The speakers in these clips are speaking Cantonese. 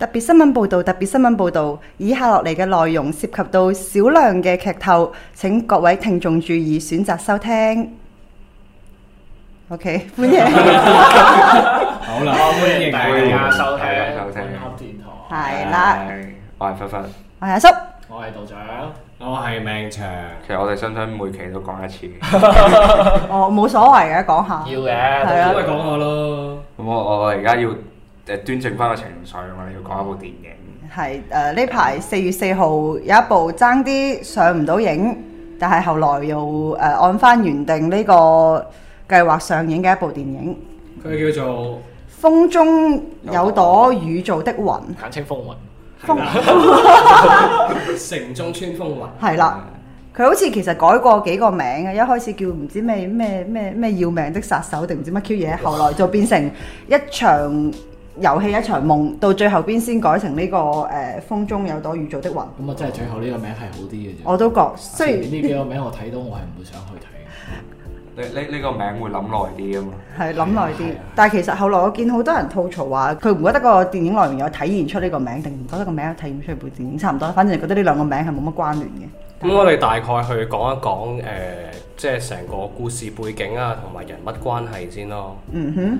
特別新聞報道，特別新聞報道，以下落嚟嘅內容涉及到少量嘅劇透，請各位聽眾注意選擇收聽。OK，歡迎。好啦，歡迎大家收聽《暗黑天堂》。係啦，我係芬芬，我係阿叔，我係道長，我係命長。其實我哋想想每期都講一次，我冇所謂嘅，講下。要嘅，係咯，講下咯。咁我我而家要誒端正翻個情緒啊嘛，我哋要講一部電影。係誒呢排四月四號有一部爭啲上唔到影，但係後來又誒按翻原定呢個計劃上映嘅一部電影，佢叫做。風中有朵雨做的雲，簡稱風雲。城中村風雲，係啦的。佢的好似其實改過幾個名嘅，一開始叫唔知咩咩咩要命的殺手定唔知乜 Q 嘢，啊、後來就變成一場遊戲 一場夢，到最後邊先改成呢、這個誒、呃、風中有朵雨做的雲。咁啊，真係最後呢個名係好啲嘅。我都覺，雖然呢幾個名我睇到，我係唔會想去睇。 呢呢呢個名會諗耐啲啊嘛，係諗耐啲。 但係其實後來我見好多人吐槽話，佢唔覺得個電影內容有體現出呢個名，定唔覺得個名有體現出部電影差唔多。反正係覺得呢兩個名係冇乜關聯嘅。咁、嗯、我哋大概去講一講誒、呃，即係成個故事背景啊，同埋人物關係先咯。嗯哼。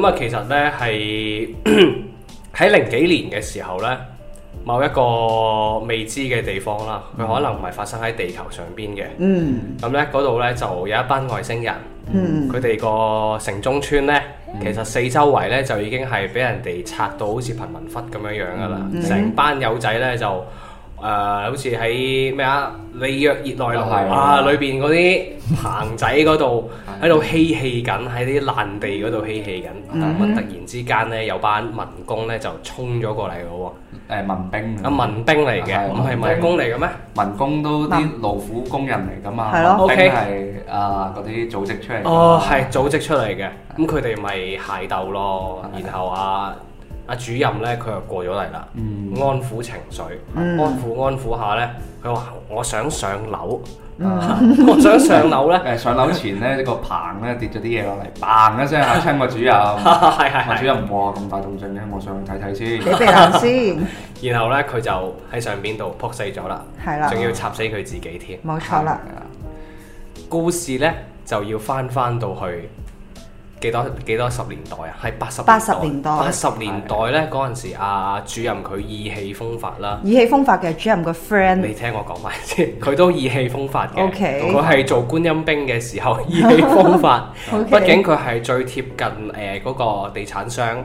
咁啊、嗯，其實呢係喺 零幾年嘅時候呢。某一個未知嘅地方啦，佢可能唔係發生喺地球上邊嘅。嗯，咁呢嗰度呢，就有一班外星人。嗯，佢哋個城中村呢，其實四周圍呢，就已經係俾人哋拆到好似貧民窟咁樣樣㗎啦。成班、嗯、友仔呢，就～誒，好似喺咩啊？里約熱內盧啊，裏邊嗰啲棚仔嗰度喺度嬉戲緊，喺啲爛地嗰度嬉戲緊。咁突然之間咧，有班民工咧就衝咗過嚟咯喎！誒，民兵啊，民兵嚟嘅，唔係民工嚟嘅咩？民工都啲勞苦工人嚟噶嘛？民兵係啊，嗰啲組織出嚟。哦，係組織出嚟嘅。咁佢哋咪械鬥咯，然後啊～阿主任咧，佢又過咗嚟啦，嗯、安撫情緒，嗯、安撫安撫下咧，佢話：我想上樓，我想上樓咧。誒，上樓前咧，呢個棚咧跌咗啲嘢落嚟，嘭一聲，嚇親個主任。係係、 啊啊，主任，哇咁大動靜咧，我上去睇睇先。你先 然後先，然後咧，佢就喺上邊度撲死咗啦，係啦，仲要插死佢自己添。冇錯啦。故事咧就要翻翻到去。幾多幾多十年代啊？係八十年代。八十年代咧，嗰陣時阿主任佢意氣風發啦。意氣風發嘅主任個 friend，你聽我講埋先。佢都意氣風發嘅。O K。佢係做觀音兵嘅時候意氣風發。O K。畢竟佢係最貼近誒嗰個地產商，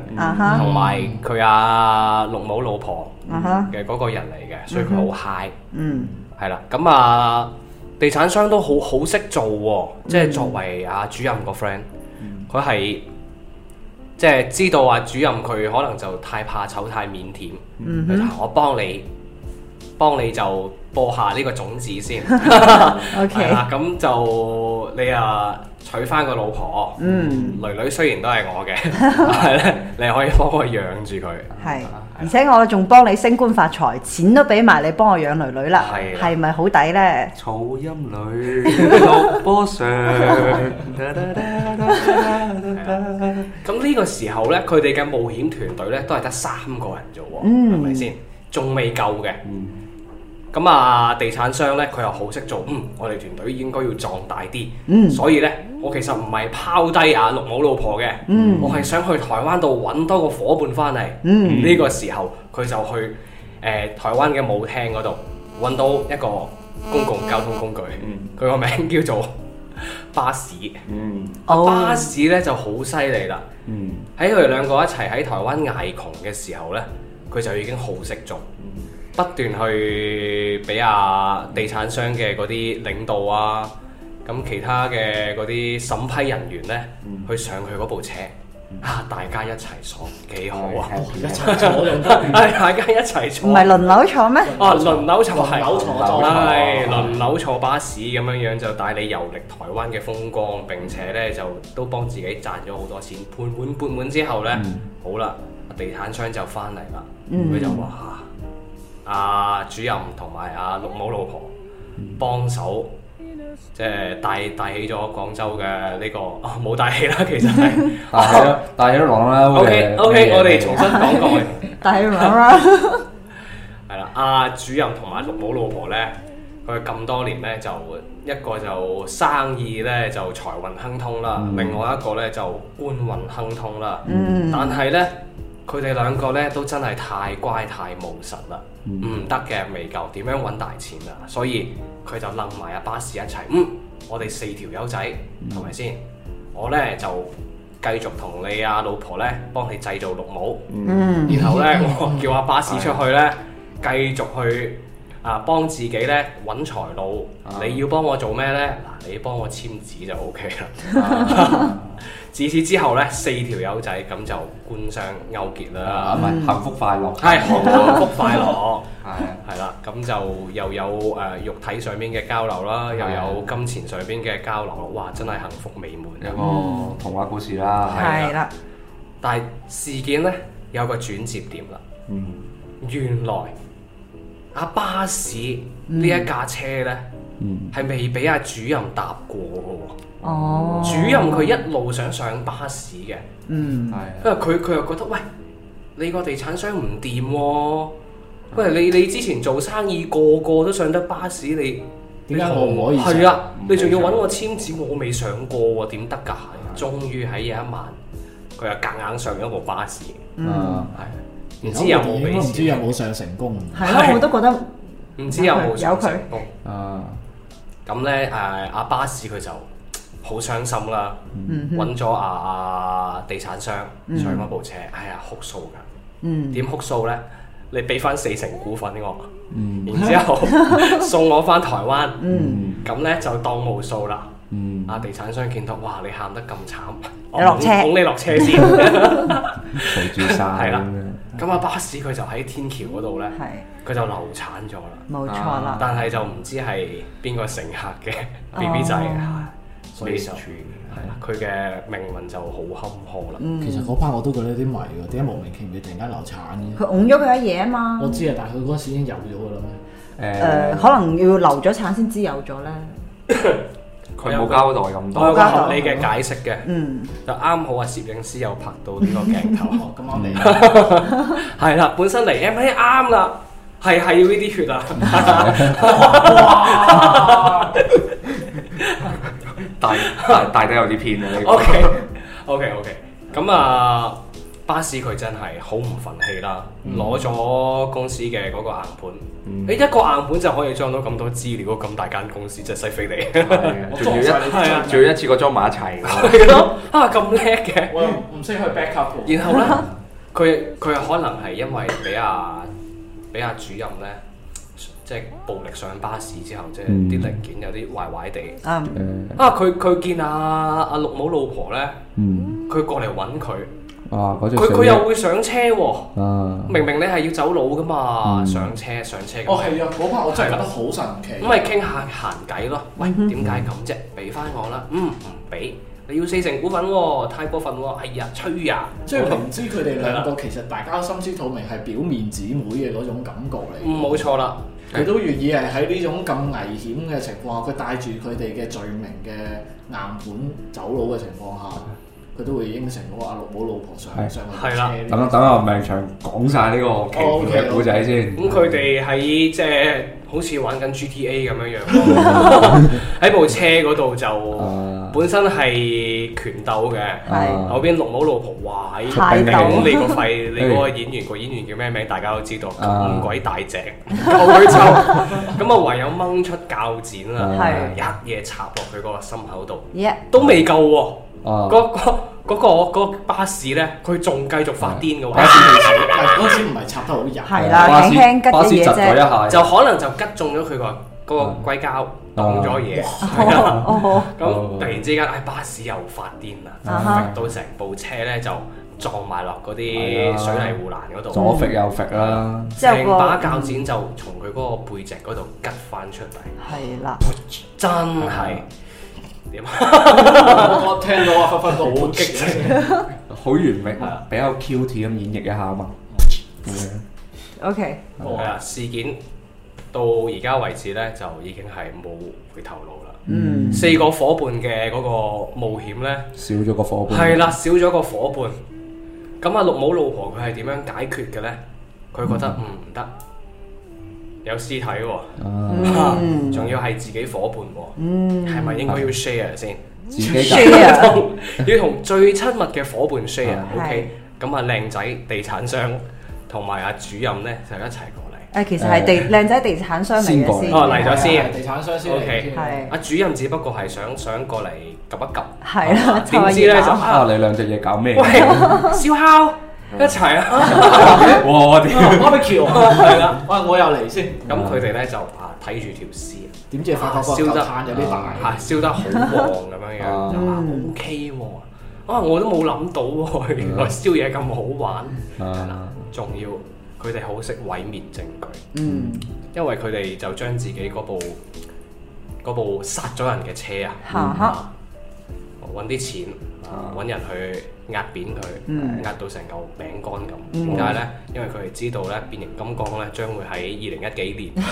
同埋佢阿六母老婆嘅嗰個人嚟嘅，所以佢好 high。嗯。係啦，咁啊，地產商都好好識做喎，即係作為阿主任個 friend。佢係即係知道啊，主任佢可能就太怕醜、太腼腆，佢、mm hmm。就話我幫你。幫你就播下呢個種子先，OK。係啦，咁就你啊娶翻個老婆，嗯，女女雖然都係我嘅，係咧，你可以幫我養住佢。係，而且我仲幫你升官發財，錢都俾埋你幫我養女女啦。係，係咪好抵呢？草音女，錄播上。咁呢個時候呢，佢哋嘅冒險團隊呢，都係得三個人啫喎，係咪先？仲未夠嘅。咁啊，地產商咧，佢又好識做，嗯，我哋團隊應該要壯大啲，嗯，所以咧，我其實唔係拋低啊陸母老婆嘅，嗯，我係想去台灣度搵多個伙伴返嚟，嗯，呢個時候佢就去誒、呃、台灣嘅舞廳嗰度搵到一個公共交通工具，佢個、嗯、名叫做巴士，嗯，巴士咧就好犀利啦，嗯，喺佢哋兩個一齊喺台灣捱窮嘅時候咧，佢就已經好識做。不斷去俾啊地產商嘅嗰啲領導啊，咁其他嘅嗰啲審批人員呢，去上佢嗰部車啊，大家一齊坐幾好啊！大家一齊坐唔係輪流坐咩？哦，輪流坐，輪流輪流坐巴士咁樣樣就帶你遊歷台灣嘅風光，並且呢，就都幫自己賺咗好多錢。盤滿缽滿之後呢，好啦，地產商就翻嚟啦，佢就話。阿、啊、主任同埋阿六母老婆幫手，即係帶帶起咗廣州嘅呢、呢個，冇、哦、帶起啦，其實係 帶起了咗，哦、帶起咗朗啦。O K O K，我哋重新講過，帶起朗啦。係啦，阿主任同埋六母老婆咧，佢咁多年咧，就一個就生意咧就財運亨通啦，mm. 另外一個咧就官運亨，亨通啦。嗯、mm.，但係咧。佢哋兩個咧都真係太乖太務實啦，唔得嘅未夠點樣揾大錢啊！所以佢就揦埋阿巴士一齊，嗯，我哋四條友仔，係咪、嗯、先？我呢就繼續同你阿、啊、老婆呢幫你製造綠帽，嗯，然後呢，我叫阿巴士出去呢，嗯、繼續去。啊！幫自己咧揾財路，嗯、你要幫我做咩咧？嗱，你幫我簽紙就 O K 啦。自 此之後咧，四條友仔咁就官商勾結啦，嗯、幸福快樂，係、哎嗯、幸福快樂，係係啦。咁 就又有誒、呃、肉體上邊嘅交流啦，又有金錢上邊嘅交流咯。哇！真係幸福美滿一個童話故事啦，係啦了。了但係事件咧有個轉折點啦，嗯、原來。巴士呢一架車呢，嗯，係未俾阿主任搭過嘅喎。主任佢一路想上巴士嘅，嗯，係，因為佢佢又覺得喂，你個地產商唔掂，啊，嗯，喂，你你之前做生意個個都上得巴士，你點解我唔可以上？係啊，你仲要搵我簽字，我未上過，點得噶？嗯，終於喺有一晚，佢又夾硬上咗部巴士，嗯，係。唔知有冇俾，唔知有冇上成功？係咯，我都覺得唔知有冇有佢。啊，咁咧，誒阿巴士佢就好傷心啦，揾咗阿阿地產商上嗰部車，哎呀哭訴噶，點哭訴咧？你俾翻四成股份我，然之後送我翻台灣，咁咧就當無數啦。啊，地產商見到哇，你喊得咁慘，我落車，捧你落車先，傻豬山，係啦。咁啊！巴士佢就喺天橋嗰度咧，佢是就流產咗啦。冇錯啦，嗯，但係就唔知係邊個乘客嘅 BB 仔啊，哦、所以就係啦，佢嘅是命運就好坎坷啦。嗯、其實嗰 part 我都覺得有啲迷喎，點解莫名其妙突然間流產？佢擁咗佢一夜啊嘛！我知啊，但係佢嗰時已經有咗噶啦。誒、嗯呃，可能要流咗產先知有咗咧。 佢冇交代咁多，我學你嘅解釋嘅，就啱好啊！攝影師又拍到呢個鏡頭，咁我哋，係啦，本身嚟 M 啱啦，係係要呢啲血啊！大大得有啲偏啊，OK OK OK，咁啊。巴士佢真係好唔憤氣啦，攞咗、嗯、公司嘅嗰個硬盤，你、嗯、一個硬盤就可以裝到咁多資料，咁大間公司真係犀飛利，仲、啊、 要一仲要一次過裝埋一齊， 啊咁叻嘅，唔識去 backup 是。bajo klar, 然後呢，佢佢 可能係因為俾啊，俾阿主任呢，即係暴力上巴士之後，即係啲零件有啲壞壞地。啊、ah,，佢佢見啊，阿陸母老婆呢，佢過嚟揾佢。佢佢又會上車喎，明明你係要走佬噶嘛，上車上車。哦，係啊，嗰 p 我真係覺得好神奇。咁咪傾下閒偈咯，喂，點解咁啫？俾翻我啦，嗯，唔俾，你要四成股份喎，太過分喎，係啊，吹啊！我明知佢哋兩個其實大家都心思肚明係表面姊妹嘅嗰種感覺嚟。冇錯啦，佢都願意係喺呢種咁危險嘅情況下，佢帶住佢哋嘅罪名嘅硬盤走佬嘅情況下。佢都會應承講阿六母老婆上上部車。係啦，等等等啊！明場講曬呢個劇劇故仔先。咁佢哋喺即係好似玩緊 GTA 咁樣樣，喺部車嗰度就本身係拳鬥嘅。係後邊六母老婆哇！頂你個肺，你嗰個演員個演員叫咩名？大家都知道咁鬼大隻，咁啊，唯有掹出鉸剪啊，一夜插落佢個心口度，都未夠喎。嗰個巴士咧，佢仲繼續發癲嘅喎。嗰陣時唔係，嗰時唔係插得好入。係啦，巴士巴士窒佢一下，就可能就吉中咗佢個嗰硅膠擋咗嘢。哦哦咁突然之間，哎巴士又發癲啦，揈到成部車咧就撞埋落嗰啲水泥護欄嗰度。左揈右揈啦，成把鉸剪就從佢嗰個背脊嗰度吉翻出嚟。係啦，真係。點？ 我聽到啊，紛紛好激情， 好完美，比較 cute 咁演繹一下啊嘛。OK 係啦，事件到而家為止咧，就已經係冇回頭路啦。嗯，四個伙伴嘅嗰個冒險咧，少咗個伙伴，係啦，少咗個伙伴。咁啊， 六母老婆佢係點樣解決嘅咧？佢覺得唔得。嗯嗯有屍體喎，仲要係自己伙伴喎，係咪應該要 share 先？自己 share 要同最親密嘅伙伴 share，OK？咁啊靚仔地產商同埋阿主任咧就一齊過嚟。誒，其實係地靚仔地產商嚟先，哦，嚟咗先，地產商先 OK，阿主任只不過係想想過嚟 𥄫 一 𥄫，係啦，點知咧就話你兩隻嘢搞咩？燒烤。一齊啊！ 哇我哇屌、 啊！係啦，喂、啊，我又嚟先。咁佢哋咧就啊睇住條屍，點知發發、啊、燒得有啲難，係、啊啊、燒得好旺咁樣樣，就話 O K 喎。啊，我都冇諗到喎，原、哎、來、啊、燒嘢咁好玩。係啦、啊，仲要佢哋好識毀滅證據。嗯，因為佢哋就將自己嗰部嗰部殺咗人嘅車啊。嚇、嗯！嗯揾啲錢，揾人去壓扁佢，壓到成嚿餅乾咁。點解咧？因為佢係知道咧，變形金剛咧將會喺二零一幾年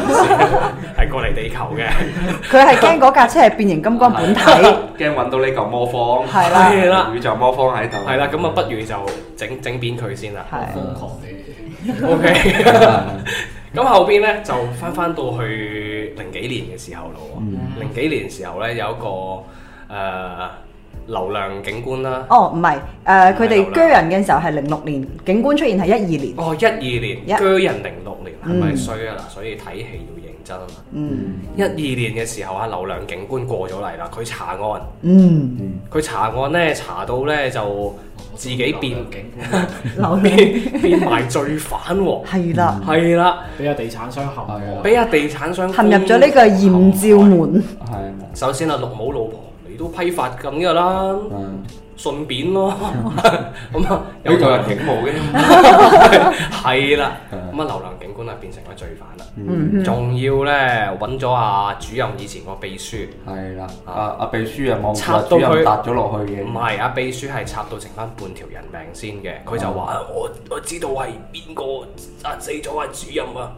係過嚟地球嘅。佢係驚嗰架車係變形金剛本體，驚揾到呢嚿魔方，係啦，宇宙魔方喺度。係啦，咁啊，不如就整整扁佢先啦，好瘋狂嘅。OK，咁後邊咧就翻翻到去零幾年嘅時候咯。零幾年時候咧有一個誒。流量警官啦，哦唔係，誒佢哋鋸人嘅時候係零六年，警官出現係一二年。哦一二年，鋸人零六年，係咪衰啊？嗱，所以睇戲要認真啊嘛。嗯，一二年嘅時候啊，流量警官過咗嚟啦，佢查案，嗯，佢查案咧查到咧就自己變警官，流變變埋罪犯喎。係啦，係啦，俾阿地產商陷，俾阿地產商陷入咗呢個豔照門。係，首先啊，綠帽老婆。都批發咁噶啦，順便咯，咁啊有罪人警務嘅，係啦，咁啊流浪警官啊變成咗罪犯啦，仲、mm hmm. 要咧揾咗阿主任以前個秘書，係啦， 阿、啊、阿秘書啊插到佢插咗落去嘅，唔係阿秘書係插到剩翻半條人命先嘅，佢就話、mm hmm. 我我知道係邊個殺死咗阿主任啊，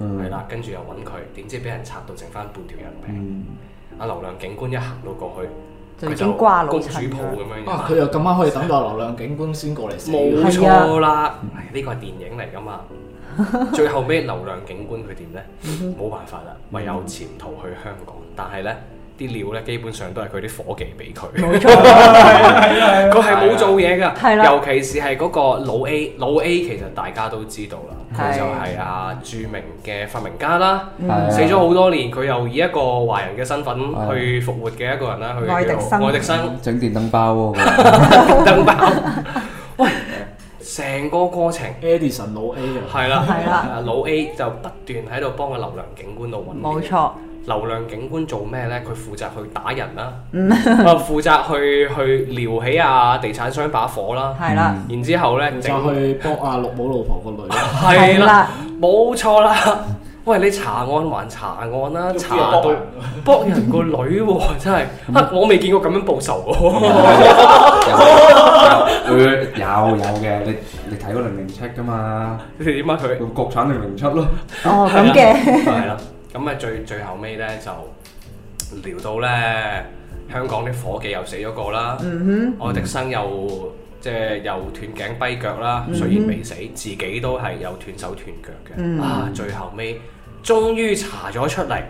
係啦、mm hmm.，跟住又揾佢，點知俾人插到剩翻半條人命？Mm hmm. 啊！流量警官一行到過去，佢就公主抱咁樣。佢、啊、又咁啱可以等到流量警官先過嚟，冇錯啦。呢個係電影嚟㗎嘛。最後尾流量警官佢點呢？冇 辦法啦，唯有潛逃去香港。但係呢。啲料咧基本上都係佢啲伙計俾佢，冇錯，佢係冇做嘢㗎，尤其是係嗰個老 A，老 A 其實大家都知道啦，佢就係啊著名嘅發明家啦，死咗好多年，佢又以一個華人嘅身份去復活嘅一個人啦，愛迪生，愛迪生整電燈泡，電燈泡，喂，成個過程，Edison 老 A 啊，係啦係啦，老 A 就不斷喺度幫個流浪警官度揾，冇錯。流量警官做咩咧？佢負責去打人啦，啊負責去去撩起啊地產商把火啦，係啦，然之後咧負責去搏阿綠母老婆個女，係啦，冇錯啦。喂，你查案還查案啦，查到搏人個女真係，我未見過咁樣報仇。誒，有有嘅，你你睇過零零七噶嘛？你點解佢國產零零七咯？哦，咁嘅。係啦。咁啊最最後尾呢，就聊到呢香港啲伙計又死咗個啦，愛迪、mm hmm. 生又即係又斷頸跛腳啦，雖然未死，自己都係有斷手斷腳嘅。Mm hmm. 啊，最後尾終於查咗出嚟，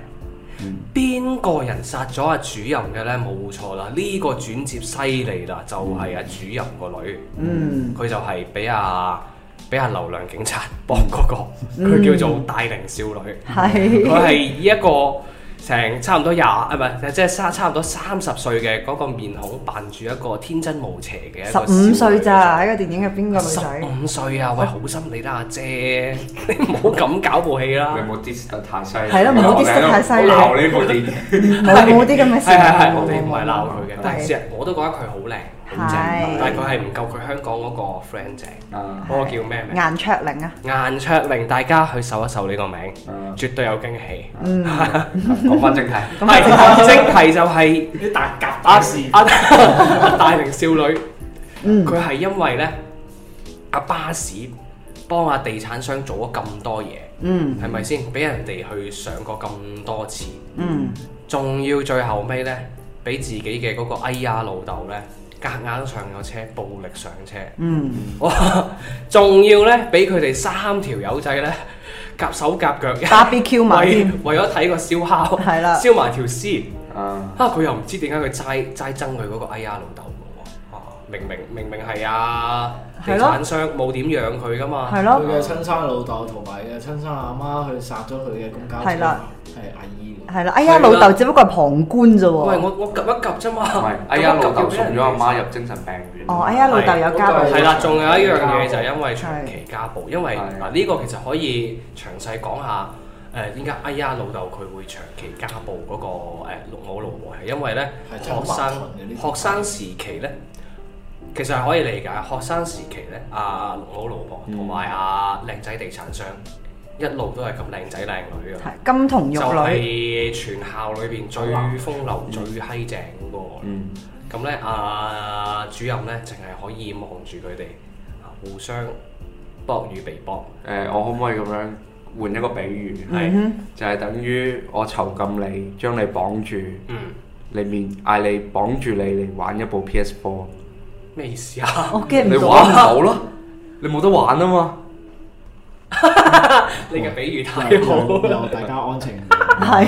邊、mm hmm. 個人殺咗阿主任嘅呢？冇錯啦，呢、這個轉接犀利啦，就係、是、阿、啊、主任個女。佢、mm hmm. 就係俾阿。俾下流量警察博嗰個，佢叫做大齡少女。係，佢係以一個成差唔多廿啊，唔係即係三差唔多三十歲嘅嗰個面孔，扮住一個天真無邪嘅十五歲咋喺個電影入邊個女仔？十五歲啊！喂，好心你啦，阿姐，你唔好咁搞部戲啦。你冇 dis 得太犀，係咯？冇 dis 得太犀利。鬧呢部電影，冇啲咁嘅事。係係係，我哋唔係鬧佢嘅，但係其實我都覺得佢好靚。但係佢係唔夠佢香港嗰個 friend 正，嗰個叫咩名？顏卓靈啊！顏卓靈，大家去搜一搜呢個名，絕對有驚喜。講翻正題，唔係正題就係啲大格巴士。大齡少女，佢係因為呢，阿巴士幫阿地產商做咗咁多嘢，嗯，係咪先俾人哋去上過咁多次，嗯，仲要最後尾呢，俾自己嘅嗰個哎呀老豆呢。夾硬上咗車，暴力上車。嗯，哇，仲要咧俾佢哋三條友仔咧夾手夾腳，BBQ 埋為咗睇個燒烤，係啦了，燒埋條絲。Uh. 啊，佢又唔知點解佢齋齋憎佢個個 AR 老豆。明明明明係啊！地產商冇點養佢噶嘛？佢嘅親生老豆同埋嘅親生阿媽去殺咗佢嘅公家，係啦，係阿姨。係啦，哎呀，老豆只不過係旁觀啫喎。唔係我我 𥁐 一 𥁐 啫嘛。唔係，哎呀，老豆送咗阿媽入精神病院。哦，哎呀，老豆有家暴。係啦，仲有一樣嘢就係因為長期家暴，因為嗱呢個其實可以詳細講下。誒，點解？哎呀，老豆佢會長期家暴嗰個誒老母老母係因為咧學生學生時期咧。其實係可以理解，學生時期咧，阿、啊、老、老老婆同埋阿靚仔地產商一路都係咁靚仔靚女啊，金童玉女就係全校裏邊最風流、嗯、最閪正嗰個。咁咧、嗯嗯，啊主任咧，淨係可以望住佢哋互相搏與被搏。誒、呃，我可唔可以咁樣換一個比喻？係、嗯、哼就係等於我囚禁你，將你綁住，裏面嗌你綁住你嚟玩一部 PS Four。咩意思啊？我驚你玩唔到咯，你冇得玩啊嘛。你嘅比喻太好，大家安靜。係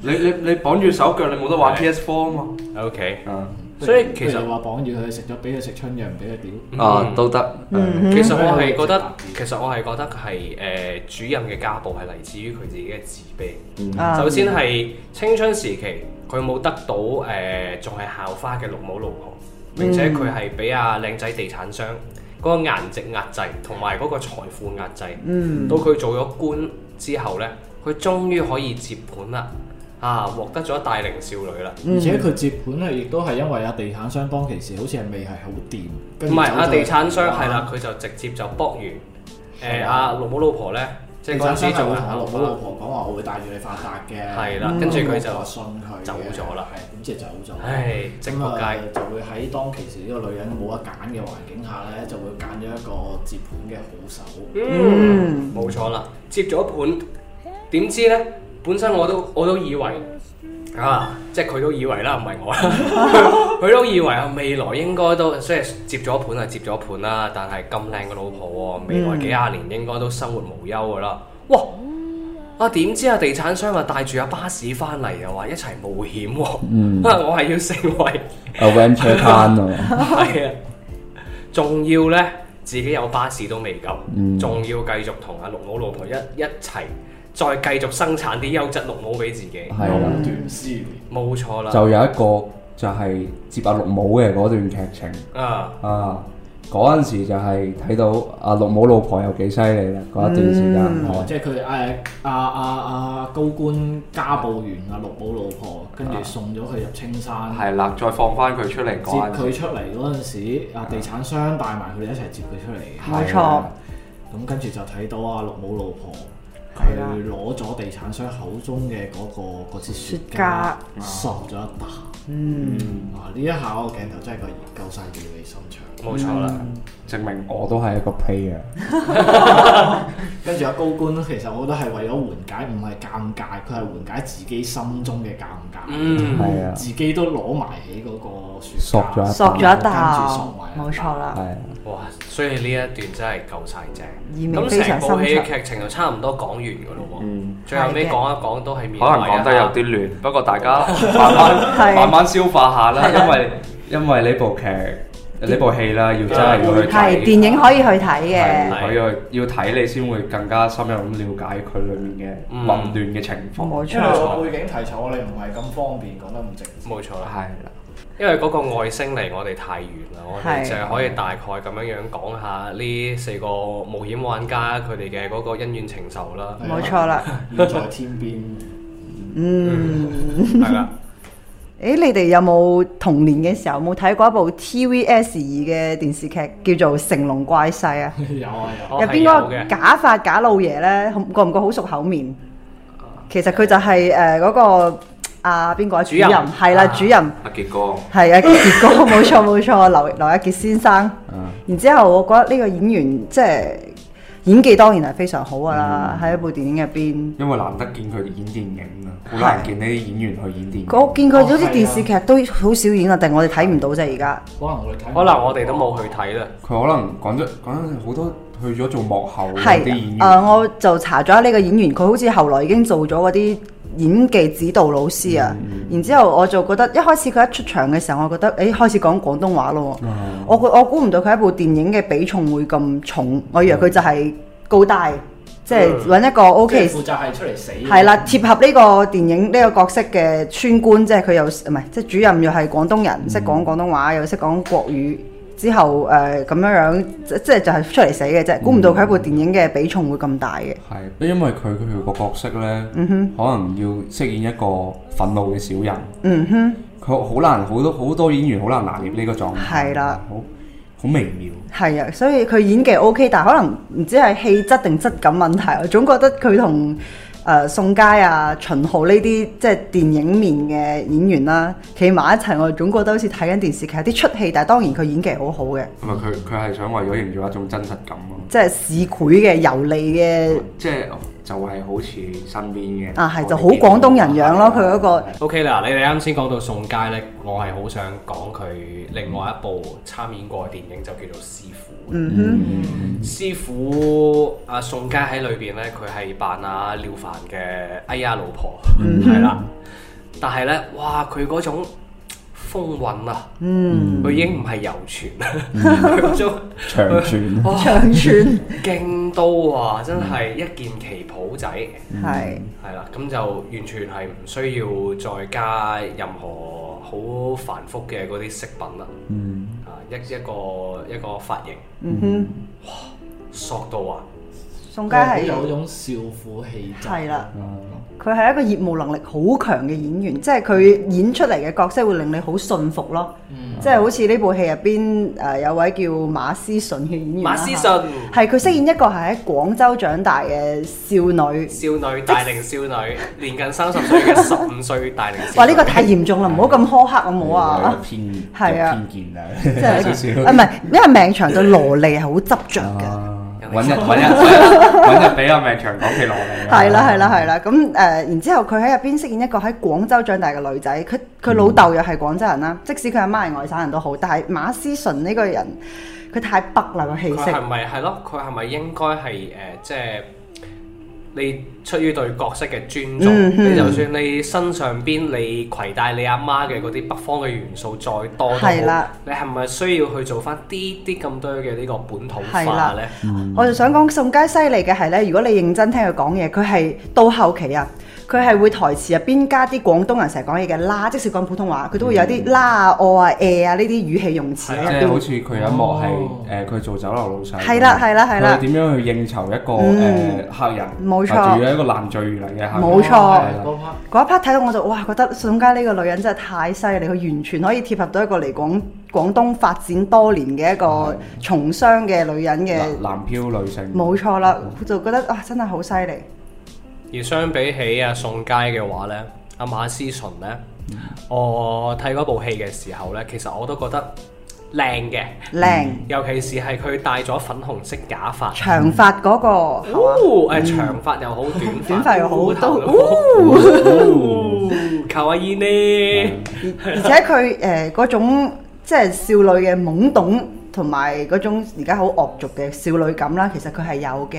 你你你綁住手腳，你冇得玩 PS Four 啊嘛。O.K. 嗯，所以其實話綁住佢，食咗俾佢食春藥，俾佢點啊都得。其實我係覺得，其實我係覺得係誒主任嘅家暴係嚟自於佢自己嘅自卑。首先係青春時期，佢冇得到誒，仲係校花嘅六母六婆，並且佢係俾阿靚仔地產商嗰個顏值壓制，同埋嗰個財富壓制。嗯，到佢做咗官之後呢，佢終於可以接盤啦！啊，獲得咗大齡少女啦！而且佢接盤咧，亦都係因為阿、啊、地，地產商當其時好似係未係好掂。唔係阿地產商係啦，佢就直接就博完誒阿的、啊、老母老婆呢？正選子做啊！我老婆講話，我會帶住你發達嘅。係啦、嗯，跟住佢就信佢、嗯、走咗啦。係確、呃，咁即係走咗。唉，正落街就會喺當其時呢個女人冇得揀嘅環境下咧，就會揀咗一個接盤嘅好手。嗯，冇、嗯、錯啦，接咗盤，點知咧？本身我都我都以為。啊！即係佢都以為啦，唔係我，佢 都以為啊，未來應該都即係接咗盤係接咗盤啦。但係咁靚嘅老婆，哦，未來幾廿年應該都生活無憂噶啦。哇！啊，點知啊，地產商啊帶住阿巴士翻嚟，又話一齊冒險，哦。嗯、啊、我係要成為係 啊，仲要呢，自己有巴士都未夠，仲、嗯、要繼續同阿龍我老婆一一齊。再繼續生產啲優質綠帽俾自己，係啦，斷絲，冇錯啦，就有一個就係接阿綠帽嘅嗰段劇情啊啊！嗰陣時就係睇到阿綠帽老婆有幾犀利啦！嗰一段時間，即係佢誒阿阿阿高官家暴完阿綠帽老婆，跟住送咗佢入青山，係啦，再放翻佢出嚟接佢出嚟嗰陣時，阿地產商帶埋佢哋一齊接佢出嚟，冇錯，咁跟住就睇到阿綠帽老婆。佢攞咗地產商口中嘅嗰、嗰個嗰支雪茄，索咗、嗯、一啖。嗯，哇！呢一下我個鏡頭真係夠曬叫你心長，冇錯啦，證明我都係一個 player。跟住阿高官，其實我覺得係為咗緩解，唔係尷尬，佢係緩解自己心中嘅尷尬。嗯，係啊，自己都攞埋起嗰個雪。縮咗一縮咗一啖，冇錯啦。係哇，所以呢一段真係夠曬正。意味非常深長。咁成部戲嘅劇情就差唔多講完噶咯喎。最後尾講一講都係面。可能講得有啲亂，不過大家慢慢。係啊。慢慢消化下啦，因為因為呢部劇呢部戲啦，要真係要去睇，係電影可以去睇嘅，可以要睇你先會更加深入咁了解佢裏面嘅混亂嘅情況。冇錯，背景題材我哋唔係咁方便講得咁直。冇錯啦，係啦，因為嗰個外星離我哋太遠啦，我哋淨係可以大概咁樣樣講下呢四個冒險玩家佢哋嘅嗰個恩怨情仇啦。冇錯啦，遠在天邊。嗯，係啦。誒、欸，你哋有冇童年嘅時候冇睇過一部 TVS 二嘅電視劇叫做《成龍怪世》啊？有啊有，入邊嗰個假髮假老爺呢？覺唔覺好熟口面？其實佢就係誒嗰個阿邊個主任人係人、啊、啦，主任、啊、阿傑哥，係啊，傑哥冇 錯冇錯，劉劉一傑先生。啊、然之後，我覺得呢個演員即係。演技當然係非常好㗎啦，喺、嗯、一部電影入邊。因為難得見佢演電影啊，好是難見呢啲演員去演電影。我見佢啲似電視劇都好少演啊，定係、哦、我哋睇唔到啫而家。可能我哋睇，可能我哋都冇去睇啦。佢可能講咗講咗好多。去咗做幕後嗰啲演員、呃、我就查咗呢個演員，佢好似後來已經做咗嗰啲演技指導老師啊。嗯、然之後我就覺得，一開始佢一出場嘅時候，我覺得誒開始講廣東話咯。嗯、我我估唔到佢一部電影嘅比重會咁重，我以為佢就係高大，嗯、即係揾一個 OK。負責係出嚟死。係啦，貼合呢個電影呢個角色嘅村官，即係佢又唔係即係主任又係廣東人，識講廣東話又識講國語。之後誒咁樣樣，即即係就係出嚟死嘅啫，估唔到佢一部電影嘅比重會咁大嘅。係、嗯，因為佢佢個角色呢，嗯、哼可能要飾演一個憤怒嘅小人。嗯哼，佢好難，好多好多演員好難拿捏呢個狀態。係啦的，好好微妙。係啊，所以佢演技 OK，但係可能唔知係氣質定質感問題，我總覺得佢同。誒、呃、宋佳啊、秦昊呢啲即係電影面嘅演員啦、啊，企埋一齊我總覺得好似睇緊電視劇有啲出戲，嗯、但係當然佢演技好好嘅。唔係佢佢係想為咗營造一種真實感咯。即係市儈嘅油膩嘅。即係就係好似身邊嘅。啊，係就好廣東人樣咯，佢嗰個。OK 嗱，你哋啱先講到宋佳咧，我係好想講佢另外一部參演過嘅電影就叫做《師傅》。嗯，mm hmm. 師傅宋阿宋佳喺裏邊咧，佢係扮阿廖凡嘅哎呀老婆，係啦、mm hmm.。但係咧，哇！佢嗰種風韻啊，嗯、mm，佢、hmm. 已經唔係由傳啦，嗰種長傳呢長傳，勁多啊！真係一件旗袍仔，係係啦，咁、hmm. 就完全係唔需要再加任何好繁複嘅嗰啲飾品啦。嗯、mm。Hmm. 一一個一個髮型，嗯哼、mm，hmm. 哇，索到啊，宋佳係有種少婦氣質。係啦的。嗯佢係一個業務能力好強嘅演員，即係佢演出嚟嘅角色會令你好信服咯。嗯、即係好似呢部戲入邊，誒有位叫馬思純嘅演員。馬思純係佢、啊、飾演一個係喺廣州長大嘅少女。少女大齡少女，少女是年近三十歲，十五歲大齡。哇呢、啊這個太嚴重啦，唔好咁苛刻，對好冇啊！偏係啊，偏見啊，即係。唔係，因為命長對蘿莉係好執着嘅。揾一，揾一，揾一，畀阿命長講佢落嚟，係啦，係啦，係啦。咁誒、 呃，然之後佢喺入邊飾演一個喺廣州長大嘅女仔，佢，佢老豆又係廣州人啦。嗯、即使佢阿媽係外省人都好，但係馬思純呢個人，佢太白流嘅氣息。係咪係咯？佢係咪應該係誒？即係。你出於對角色嘅尊重，嗯、哼你就算你身上邊你攜帶你阿媽嘅嗰啲北方嘅元素再多都好，的你係咪需要去做翻啲啲咁多嘅呢個本土化呢？我就想講，更加犀利嘅係呢：如果你認真聽佢講嘢，佢係到後期啊。佢係會台詞入邊加啲廣東人成日講嘢嘅啦，即使講普通話，佢都會有啲啦啊、我啊、誒啊呢啲語氣用詞即係、 嗯、好似佢一幕係誒，佢、呃、做酒樓老細。係啦，係 啦樂，係啦。點樣去應酬一個誒客、嗯、人？冇錯。仲要一個爛醉嚟嘅客。冇錯。嗰、啊、一 part 睇到我就哇，覺得宋佳呢個女人真係太犀利，佢完全可以貼合到一個嚟廣廣東發展多年嘅一個從商嘅女人嘅南漂女性。冇錯啦，我就覺得啊，真係好犀利。而相比起阿宋佳嘅話呢，阿馬思純呢，我睇嗰部戲嘅時候呢，其實我都覺得靚嘅，靚，尤其是係佢戴咗粉紅色假髮，長髮嗰個，哦，誒長髮又好，短短髮又好，都，求阿姨呢，而且佢誒嗰種即係少女嘅懵懂。同埋嗰種而家好惡俗嘅少女感啦，其實佢係有嘅，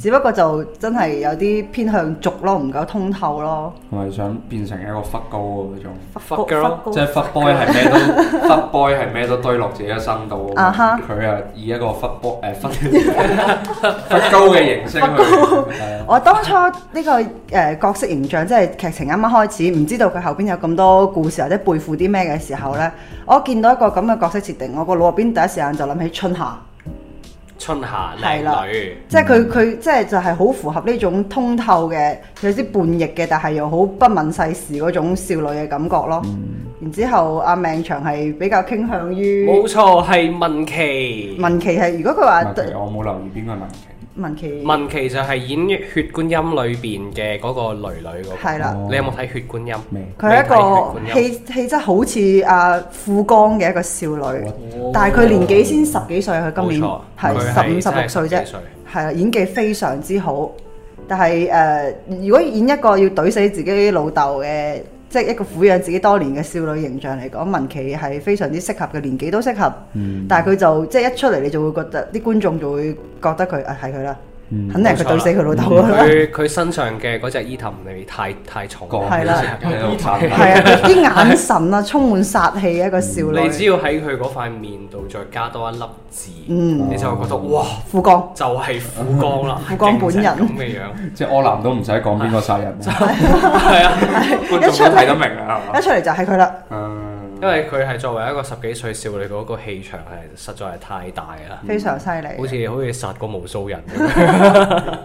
只不過就真係有啲偏向俗咯，唔夠通透咯。同係想變成一個忽高嘅嗰種忽忽嘅咯，即係忽 boy 係咩都忽 boy 係咩都堆落自己嘅身度。啊哈！佢係以一個忽 boy 誒忽忽高嘅形式。忽高。我當初呢個誒角色形象，即係劇情啱啱開始，唔知道佢後邊有咁多故事或者背負啲咩嘅時候咧，我見到一個咁嘅角色設定，我個腦入邊。第一時間就諗起春夏，春夏靚女，即係佢佢即係就係好符合呢種通透嘅，有啲叛逆嘅，但係又好不問世事種少女嘅感覺咯。嗯、然之後阿、啊、命長係比較傾向於，冇錯，係文琪，文琪係，如果佢話，我冇留意邊個文琪。文琪，文琪就係演血《血觀音》裏邊嘅嗰個女囡嗰個，係啦。你有冇睇《血觀音》？佢係一個氣氣質好似阿、啊、富江嘅一個少女，哦、但係佢年紀先十幾歲，佢今年係十五十六歲啫，係啊！演技非常之好，但係誒、呃，如果演一個要懟死自己老豆嘅。即係一個撫養自己多年嘅少女形象嚟講，文琪係非常之適合嘅，年紀都適合，嗯，但係佢就，即係一出嚟你就會覺得啲觀眾就會覺得佢啊係佢啦。肯定係佢懟死佢老豆啦！佢佢身上嘅嗰隻伊藤味太太重，係啦，伊藤係啊，啲眼神啊，充滿殺氣嘅一個少女。你只要喺佢嗰塊面度再加多一粒痣，你就會覺得哇！富江就係富江啦，富江本人咁嘅樣，即係柯南都唔使講邊個殺人，係啊，一出睇得明啊，一出嚟就係佢啦。因為佢係作為一個十幾歲少女嗰個氣場係實在係太大啦，嗯、非常犀利，好似好似殺過無數人咁、 嗯。啊、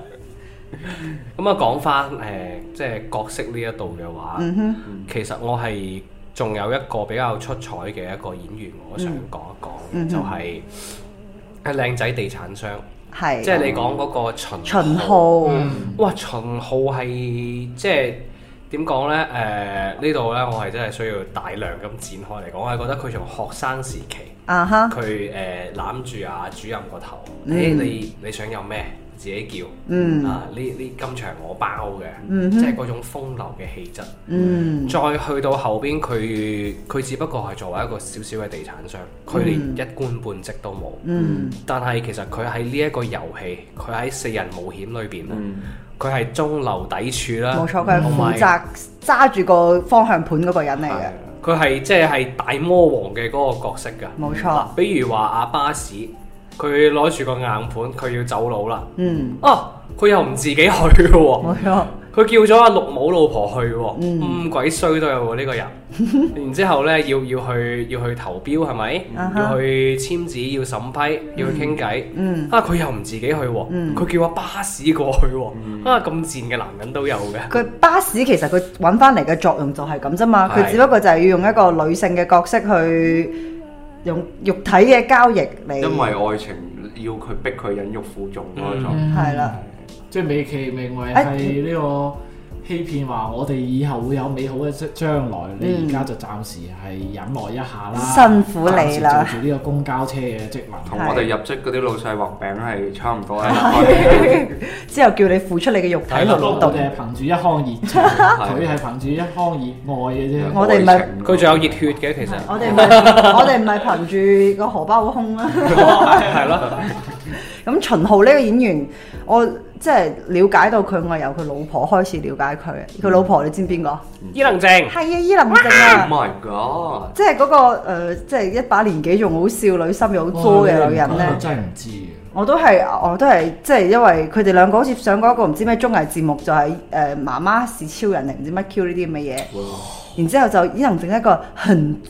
嗯，講返誒，即係角色呢一度嘅話，其實我係仲有一個比較出彩嘅一個演員，我想講一講，就係係靚仔地產商，係即係你講嗰個秦秦昊，哇，秦昊係即係。點講呢？誒呢度呢，我係真係需要大量咁展開嚟講，我係覺得佢從學生時期，啊佢誒攬住阿主任個頭，誒、mm hmm. 欸、你你想有咩自己叫，mm hmm. 啊呢呢今場我包嘅，嗯、mm，即係嗰種風流嘅氣質，mm hmm. 再去到後邊佢佢只不過係作為一個小小嘅地產商，佢連一官半職都冇，mm hmm. 但係其實佢喺呢一個遊戲，佢喺四人冒險裏邊啊。Mm hmm. 佢係中流砥柱啦，冇錯，佢係負責揸住個方向盤嗰個人嚟嘅。佢係、嗯、即係大魔王嘅嗰個角色噶，冇錯錯、啊。比如話阿巴士，佢攞住個硬盤，佢要走佬啦。嗯，哦、啊，佢又唔自己去喎、哦，冇錯。佢叫咗阿六母老婆去喎，咁鬼衰都有喎呢個人。然之後呢，要要去要去投標係咪？嗯啊、要去簽字、要審批、要去傾偈。啊，佢又唔自己去，佢叫阿巴士過去。啊，咁賤嘅男人都有嘅。佢巴士其實佢揾翻嚟嘅作用就係咁啫嘛。佢只不過就係要用一個女性嘅角色去用肉體嘅交易嚟。因為愛情要佢逼佢忍辱負重嗰種。嗯嗯、係啦。即係美其名為係呢個欺騙，話我哋以後會有美好嘅將將來，你而家就暫時係忍耐一下啦。辛苦你啦！做住呢個公交車嘅職員，同我哋入職嗰啲老細畫餅係差唔多啦。之後叫你付出你嘅肉體勞動，我哋係憑住一腔熱情，佢係憑住一腔熱愛嘅啫。我哋唔係佢仲有熱血嘅，其實我哋唔係，我哋唔係憑住個荷包好空啦。係咯。咁秦昊呢個演員，我。即係了解到佢，我由佢老婆開始了解佢。佢老婆你知唔知邊個？伊能靜。係啊，伊能靜啊！Oh my god！即係嗰、那個、呃、即係一把年紀仲好少女心又好糟嘅女人呢？我、哦、真係唔知我都係，我都係，即係因為佢哋兩個好似上過一個唔知咩綜藝節目、就是，就係誒媽媽是超人定唔知乜 Q 呢啲咁嘅嘢。然之後就伊能靜一個很。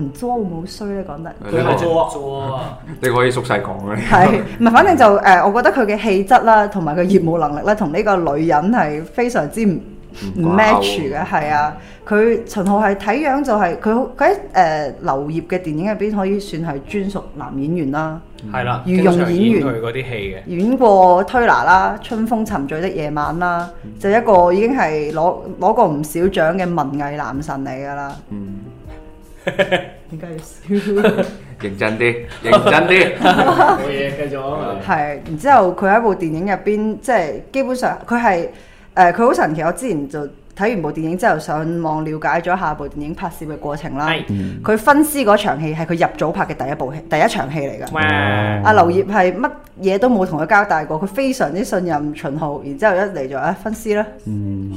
唔做好衰咧，講得佢係做啊做你可以熟晒講咧， 係唔係？反正就誒，我覺得佢嘅氣質啦，同埋佢業務能力咧，同呢個女人係非常之唔唔 match 嘅，係啊！佢陳浩係睇樣就係佢，好喺誒婁燁嘅電影入邊可以算係專屬男演員啦，係啦，御用演員啲戲嘅，演過推拿啦、春風沉醉的夜晚啦，嗯、就一個已經係攞攞過唔少獎嘅文藝男神嚟噶啦，嗯。 點解要笑？， 認真啲，認真啲。冇嘢，繼續。係，然之後佢喺部電影入邊，即係基本上佢係誒，佢好神奇。我之前就。睇完部電影之後，上網了解咗下部電影拍攝嘅過程啦。佢的分屍嗰場戲係佢入組拍嘅第一部戲、第一場戲嚟㗎。阿、欸欸、劉燁係乜嘢都冇同佢交代過，佢非常之信任秦昊。然之後一嚟就啊分屍啦。嗯，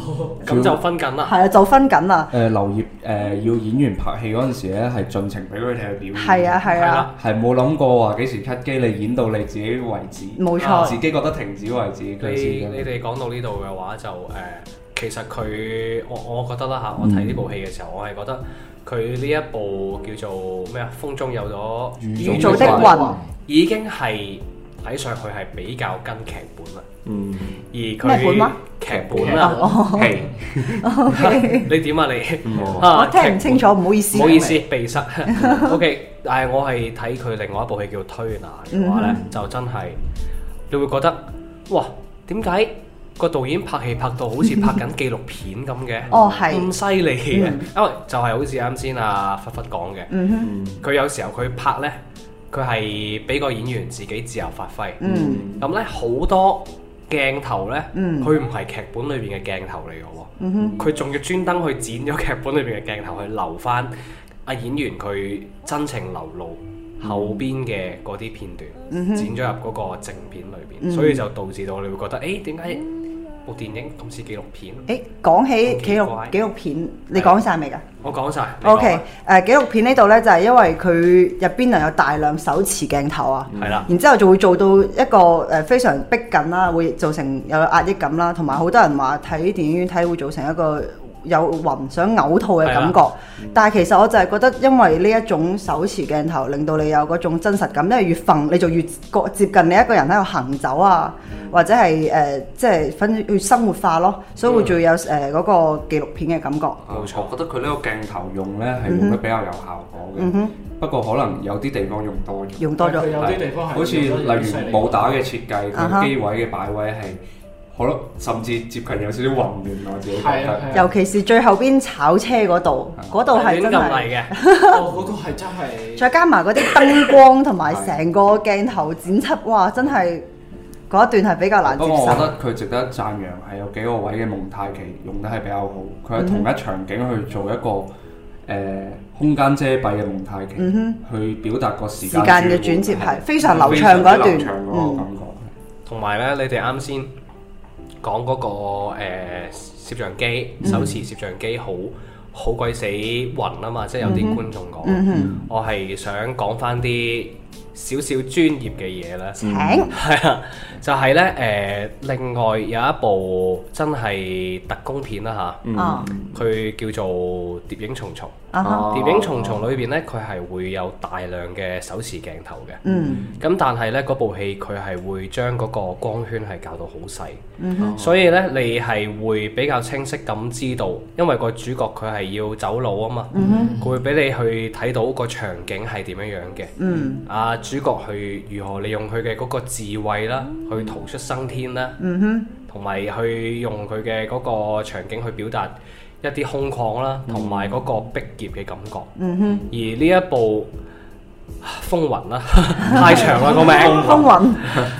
咁就分緊啦。係啊、嗯哦，就分緊啦。誒，劉燁誒、呃、要演員拍戲嗰陣時咧，係盡情俾佢哋去表演。係啊，係啊，係冇諗過話幾時 cut 機，你演到你自己為止。冇錯，嗯、自己覺得停止為止。你哋講到呢度嘅話就誒。其實佢，我我覺得啦吓，我睇呢部戲嘅時候，我係覺得佢呢一部叫做咩啊？風中有咗雨做的雲，已經係睇上去係比較跟劇本啦。嗯，而佢劇本啦 OK 你點啊？你我聽唔清楚，唔好意思，唔好意思，鼻塞。OK，但係我係睇佢另外一部戲叫推拿嘅話咧，就真係你會覺得哇，點解？個導演拍戲拍到好似拍緊紀錄片咁嘅，咁犀利嘅，是嗯、因為就係好似啱先阿佛佛講嘅，佢、嗯、哼有時候佢拍呢，佢係俾個演員自己自由發揮，咁、嗯、呢，好多鏡頭呢，佢唔係劇本裏面嘅鏡頭嚟嘅喎，佢仲、嗯、哼要專登去剪咗劇本裏面嘅鏡頭去留翻阿演員佢真情流露後邊嘅嗰啲片段，嗯、哼剪咗入嗰個正片裏邊，嗯、哼所以就導致到你會覺得，誒，點解？欸部電影咁似紀錄片，誒、欸，講起紀錄紀錄片，你講晒未㗎？我講晒。OK，誒，紀錄、okay, 呃、片呢度呢就係因為佢入邊能有大量手持鏡頭啊，係啦了，然之後就會做到一個誒非常逼緊啦，會造成有壓抑感啦，同埋好多人話睇啲電影院睇會造成一個。有暈想嘔吐嘅感覺，的但係其實我就係覺得，因為呢一種手持鏡頭，令到你有嗰種真實感，因、就、為、是、越憤你就越接近你一個人喺度行走啊，嗯、或者係誒，即係反正越生活化咯，所以會仲有誒嗰、呃那個紀錄片嘅感覺。冇錯，我覺得佢呢個鏡頭用咧係用得比較有效果嘅。嗯哼。不過可能有啲地方用多咗，用多咗。但有啲地方係好似例如武打嘅設計，佢機位嘅擺位係。啊。甚至接近有少少混亂啊！自己覺得尤其是最後邊炒車嗰度，嗰度係真係，嗰個係真係再加埋嗰啲燈光同埋成個鏡頭剪輯，哇！真係嗰一段係比較難。不過我覺得佢值得讚揚係有幾個位嘅蒙太奇用得係比較好，佢喺同一場景去做一個誒空間遮蔽嘅蒙太奇，去表達個時間嘅轉接係非常流暢嗰一段，嗯，同埋咧，你哋啱先。講嗰、那個誒、呃、攝像機，mm hmm. 手持攝像機好好鬼死暈啊嘛！即係有啲觀眾講，mm hmm. 我係想講返啲少少專業嘅嘢咧。請，啊， 就係呢，誒、呃，另外有一部真係特工片啦嚇，佢、啊 mm hmm. 叫做《諜影重重》。啊！Uh huh. 諜影重重裏邊咧，佢係會有大量嘅手持鏡頭嘅。嗯、mm。咁、hmm. 但係咧，嗰部戲佢係會將嗰個光圈係搞到好細。Mm hmm. 所以咧，你係會比較清晰咁知道，因為個主角佢係要走佬啊嘛。佢、mm hmm. 會俾你去睇到個場景係點樣樣嘅。嗯、mm。Hmm. 啊，主角去如何利用佢嘅嗰個智慧啦，去逃出生天啦。同埋、mm hmm. 去用佢嘅嗰個場景去表達。一啲空曠啦，同埋嗰個逼仄嘅感覺。而呢一部《風雲》啦，太長啦個名，《風雲》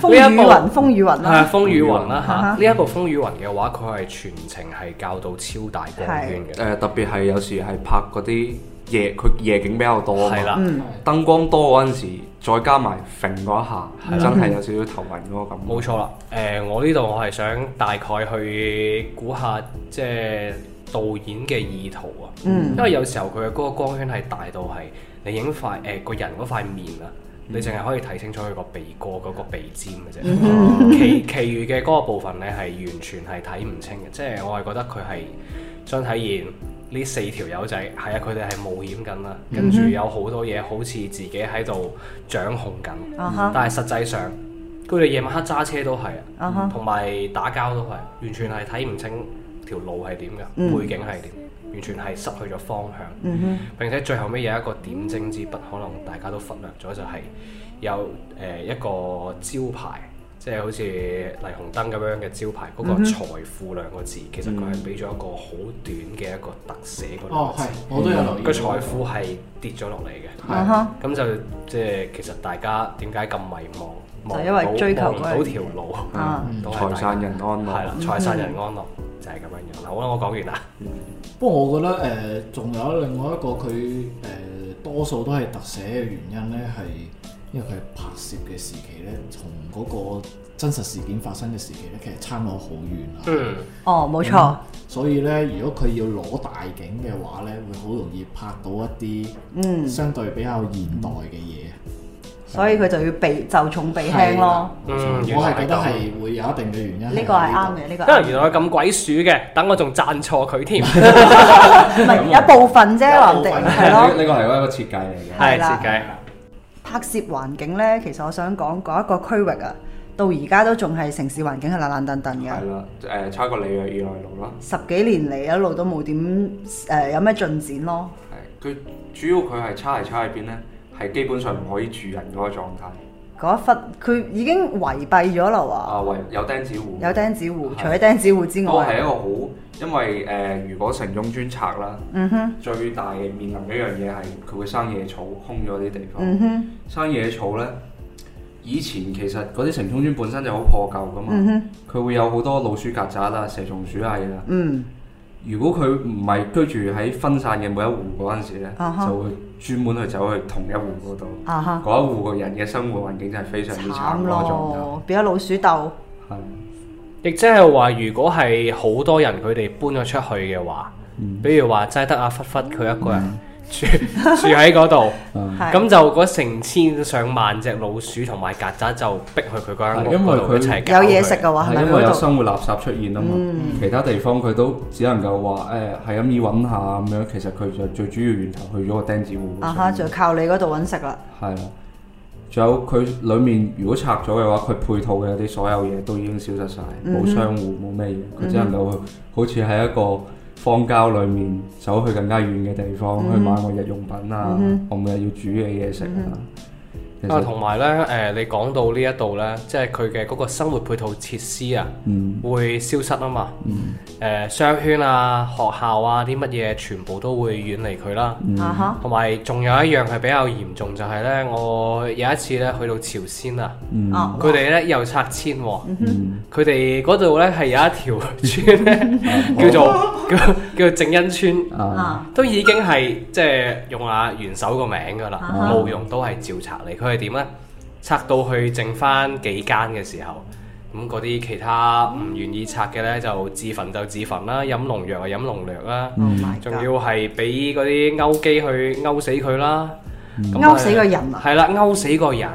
《風一雲》《風雨雲》係啊，《風雨雲》啦嚇。呢一部《風雨雲》嘅話，佢係全程係校到超大光圈嘅。誒，特別係有時係拍嗰啲夜，佢夜景比較多啊嘛。燈光多嗰陣時，再加埋揈嗰一下，係真係有少少頭暈嗰個感覺。冇錯啦。誒，我呢度我係想大概去估下，即係。導演嘅意圖啊，因為有時候佢嘅嗰個光圈係大到係你影塊誒、呃、個人嗰塊面啊，你淨係可以睇清楚佢個鼻哥嗰、嗰個鼻尖嘅啫， 其其餘嘅嗰個部分你係完全係睇唔清嘅。即係我係覺得佢係想體現呢四條友仔係啊，佢哋係冒險緊啦，跟住有多好多嘢好似自己喺度掌控緊，uh huh. 但係實際上佢哋夜晚黑揸車都係啊，同埋、uh huh. 打交都係，完全係睇唔清。條路係點嘅？背景係點？完全係失去咗方向。並且最後尾有一個點睛之筆，可能大家都忽略咗，就係有誒一個招牌，即係好似霓虹燈咁樣嘅招牌。嗰個財富兩個字，其實佢係俾咗一個好短嘅一個特寫。哦，係，我都有留意。個財富係跌咗落嚟嘅。咁就即係其實大家點解咁迷茫？就因為追求唔到條路。財散人安樂。係啦，財散人安樂。係咁樣樣，好啦，我講完啦。不過我覺得誒，仲、呃、有另外一個佢誒、呃，多數都係特寫嘅原因咧，係因為佢拍攝嘅時期咧，同嗰個真實事件發生嘅時期咧，其實差咗好遠啊。嗯。嗯哦，冇錯、嗯。所以咧，如果佢要攞大景嘅話咧，會好容易拍到一啲嗯，相對比較現代嘅嘢。所以佢就要避就重避輕咯。嗯，我係覺得係會有一定嘅原因。呢個係啱嘅，呢個。因為原來佢咁鬼鼠嘅，等我仲讚錯佢添。唔係有一部分啫，林迪，係咯。呢個係一個設計嚟嘅，係啦，設計。計拍攝環境咧，其實我想講嗰一個區域啊，到而家都仲係城市環境係爛爛墩墩嘅。係啦，誒、呃，差過你嘅二來路啦。十幾年嚟，一路都冇點誒有咩進展咯。係，佢主要佢係差係差喺邊咧？係基本上唔可以住人嗰個狀態，嗰一忽佢已經圍蔽咗啦，話啊圍有釘子戶，有釘子戶，除咗釘子戶之外，都係一個好，因為誒、呃，如果城中村拆啦，嗯哼，最大面臨嘅一樣嘢係佢會生野草，空咗啲地方，嗯、哼，生野草咧，以前其實嗰啲城中村本身就好破舊噶嘛，佢、嗯、哼會有好多老鼠、曱甴啦、蛇蟲鼠蟻啊，嗯，如果佢唔係居住喺分散嘅每一戶嗰陣時咧，uh huh. 就會。專門去走去同一戶嗰度，嗰一戶個人嘅生活環境真係非常之慘咯，變咗、啊哈就係、老鼠竇。亦即係話，如果係好多人佢哋搬咗出去嘅話，嗯、比如話齋得阿狒狒佢一個人。嗯嗯住住喺嗰度，咁、 嗯、就嗰成千上萬隻老鼠同埋曱甴就逼去佢嗰間屋嗰度一齊搞佢。裡有嘢食嘅話，係對因為有生活垃圾出現啊嘛。嗯、其他地方佢都只能夠話誒，係咁易揾下咁樣。其實佢就最主要源頭去咗個釘子戶。啊哈！就靠你嗰度揾食啦。係啦，仲有佢裡面如果拆咗嘅話，佢配套嘅啲所有嘢都已經消失晒，冇、嗯、商戶，冇咩嘢，佢、嗯、只能夠好似係一個。荒郊裡面，走去更加遠嘅地方、mm hmm. 去買我日用品啊，我每日要煮嘅嘢食啊。Mm hmm. 啊，同埋咧，誒你講到呢一度咧，即係佢嘅個生活配套設施啊，會消失啊嘛，誒商圈啊、學校啊啲乜嘢，全部都會遠離佢啦。啊哈！同埋仲有一樣係比較嚴重，就係咧，我有一次咧去到朝鮮啊，佢哋咧又拆遷喎，佢哋度咧係有一條村咧，叫做叫叫正恩村，都已經係即係用下元首個名噶啦，冇用都係照拆嚟佢。係點咧？拆到去剩翻幾間嘅時候，咁嗰啲其他唔願意拆嘅咧，就自焚就自焚啦，飲農藥就飲農藥啦，仲、oh、要係俾嗰啲勾機去勾死佢啦、就是勾死啊，勾死個人，係啦，勾死個人。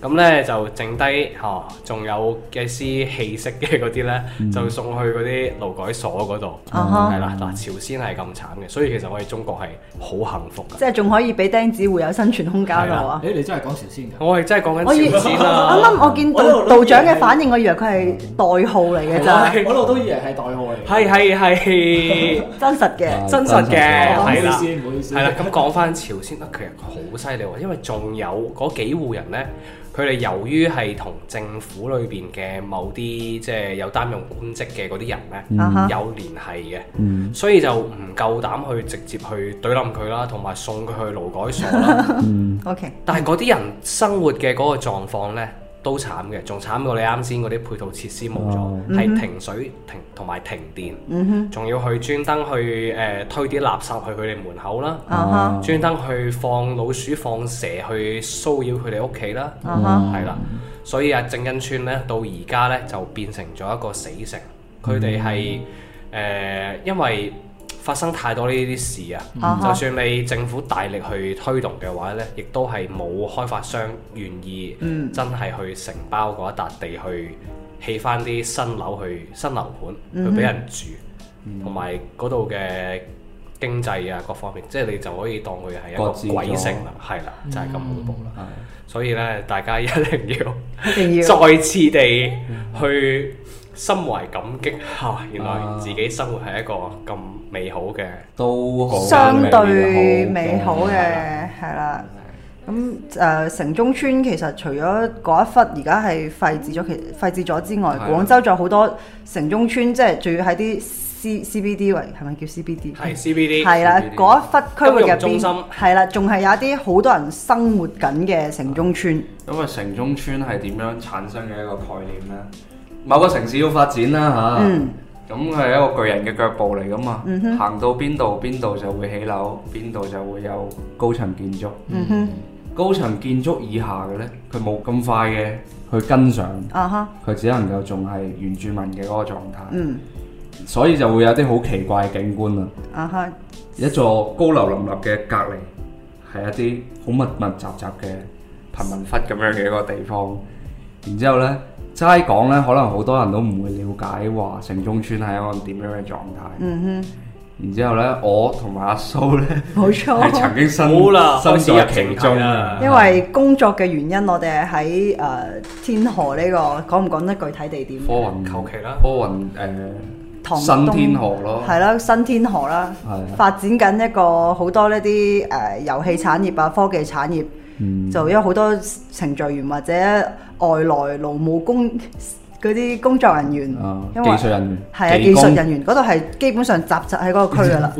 咁咧就剩低嚇，仲有一絲氣息嘅嗰啲咧，就送去嗰啲勞改所嗰度，係啦。嗱，朝鮮係咁慘嘅，所以其實我哋中國係好幸福嘅，即係仲可以俾釘子戶有生存空間咯。誒，你真係講朝鮮，我係真係講緊朝鮮。啱啱我見道道長嘅反應，我以為佢係代號嚟嘅就，我度都以為係代號嚟，係係係真實嘅，真實嘅。唔好唔好意思。係啦，咁講翻朝鮮咧，其實佢好犀利喎，因為仲有嗰幾戶人咧。佢哋由於係同政府裏邊嘅某啲即係有擔任官職嘅嗰啲人咧、mm hmm. 有聯繫嘅，mm hmm. 所以就唔夠膽去直接去對冧佢啦，同埋送佢去勞改所啦。OK。 但係嗰啲人生活嘅嗰個狀況呢。都慘嘅，仲慘過你啱先嗰啲配套設施冇咗，係、uh huh. 停水停同埋停電，仲、uh huh. 要去專登去誒、呃、推啲垃圾去佢哋門口啦，專登、uh huh. 去放老鼠放蛇去騷擾佢哋屋企啦，係啦、uh huh. 所以啊正恩村呢到而家呢就變成咗一個死城，佢哋係誒因為。發生太多呢啲事啊！嗯、哼就算你政府大力去推動嘅話呢，亦都係冇開發商願意真係去承包嗰一笪地去起返啲新樓去新樓盤去俾人住，同埋嗰度嘅經濟啊各方面，即係你就可以當佢係一個鬼城啦，係啦，就係、是、咁恐怖啦。嗯、哼所以呢，大家一定要， 一定要 再次地去。心懷感激嚇、啊，原來自己生活係一個咁美好嘅，都好，相對美好嘅係啦。咁誒城中村其實除咗嗰一忽而家係廢置咗，廢置咗之外，的廣州仲有好多城中村，即係仲要喺啲 C C B D 位，係咪叫 C B D？係 C B D。係啦，嗰一忽區域嘅中心。係啦，仲係有一啲好多人生活緊嘅城中村。咁啊，城中村係點樣產生嘅一個概念咧？某個城市要發展啦嚇，咁、啊、佢係、嗯、一個巨人嘅腳步嚟㗎嘛，行、嗯、哼到邊度邊度就會起樓，邊度就會有高層建築。嗯、哼高層建築以下嘅呢，佢冇咁快嘅去跟上，佢、啊、哈只能夠仲係原住民嘅嗰個狀態。嗯、所以就會有啲好奇怪嘅景觀啊哈！一座高樓林立嘅隔籬，係一啲好密密雜雜嘅貧民窟咁樣嘅一個地方。然之後呢。齋講咧，可能好多人都唔會了解話城中村係一個點樣嘅狀態。嗯哼。然之後咧，我同埋阿蘇咧，冇錯 曾經身了身在其中啊。因為工作嘅原因我，我哋係喺誒天河呢、呢個講唔講得具體地點？科雲求其啦，科雲誒、呃、東新天河咯，係啦，新天河啦，的發展緊一個好多呢啲誒遊戲產業啊，科技產業。就因為好多程序員或者外來勞務工嗰啲工作人員，技術人員係啊，技術人員嗰度係基本上集集喺嗰個區噶啦。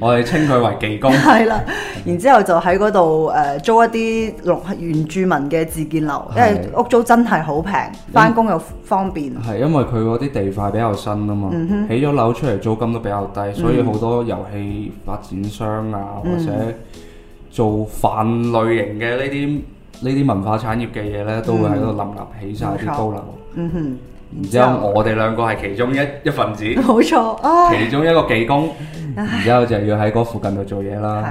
我哋稱佢為技工，係啦，然之後就喺嗰度誒租一啲龍原住民嘅自建樓，因為屋租真係好平，翻工又方便，係因為佢嗰啲地塊比較新啊嘛，起咗樓出嚟，租金都比較低，所以好多遊戲發展商啊或者。做飯類型嘅呢啲呢啲文化產業嘅嘢呢，都會喺度立立起晒啲高樓。嗯、然之後我哋兩個係其中一一份子。冇錯。其中一個技工，哎、然之後就要喺嗰附近度做嘢啦。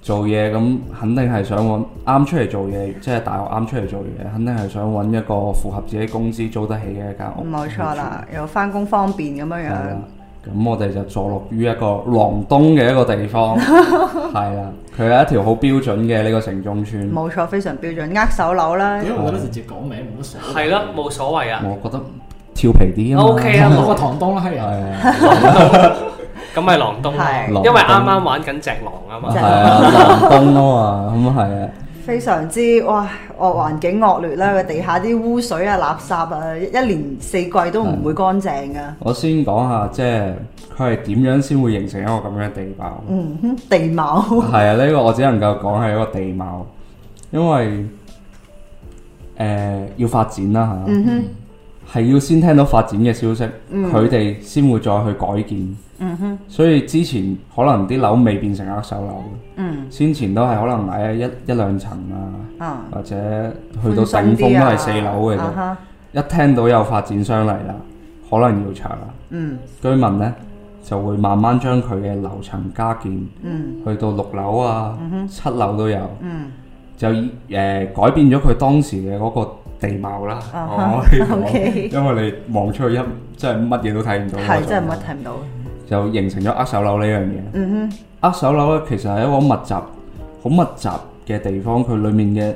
做嘢咁肯定係想揾啱出嚟做嘢，即係大學啱出嚟做嘢，肯定係想揾一個符合自己工資租得起嘅一間屋。冇錯啦，又翻工方便咁樣樣。咁我哋就坐落於一個狼東嘅一個地方，係啊， 佢係一條好標準嘅呢個城中村，冇錯，非常標準，握手樓啦。因為我覺得直接講名冇乜所謂，係咯，冇所謂啊。我覺得調皮啲，O K 啊，攞個 無棠東 東啦，係啊，咁咪狼東，因為啱啱玩緊隻狼啊嘛，係啊正郎，狼 東啊嘛，咁啊係啊。 非常之哇惡環境惡劣啦，個地下啲污水啊、垃圾啊，一年四季都唔會乾淨㗎。我先講下，即係佢係點樣先會形成一個咁樣嘅地貌。嗯哼，地貌。係啊，呢、這個我只能夠講係一個地貌，因為誒、呃、要發展啦嚇。嗯、哼，係要先聽到發展嘅消息，佢哋先會再去改建。嗯哼，所以之前可能啲樓未變成握手樓，嗯，先前都係可能買一一兩層啊，或者去到頂峰都係四樓嘅啫。一聽到有發展商嚟啦，可能要拆啦。嗯，居民呢就會慢慢將佢嘅樓層加建，嗯，去到六樓啊，七樓都有，嗯，就誒改變咗佢當時嘅嗰個地貌啦。因為你望出去一真係乜嘢都睇唔到，係真係乜睇唔到。就形成咗握手樓呢樣嘢。嗯哼，握手樓咧，其實係一個很密集、好密集嘅地方，佢裏面嘅。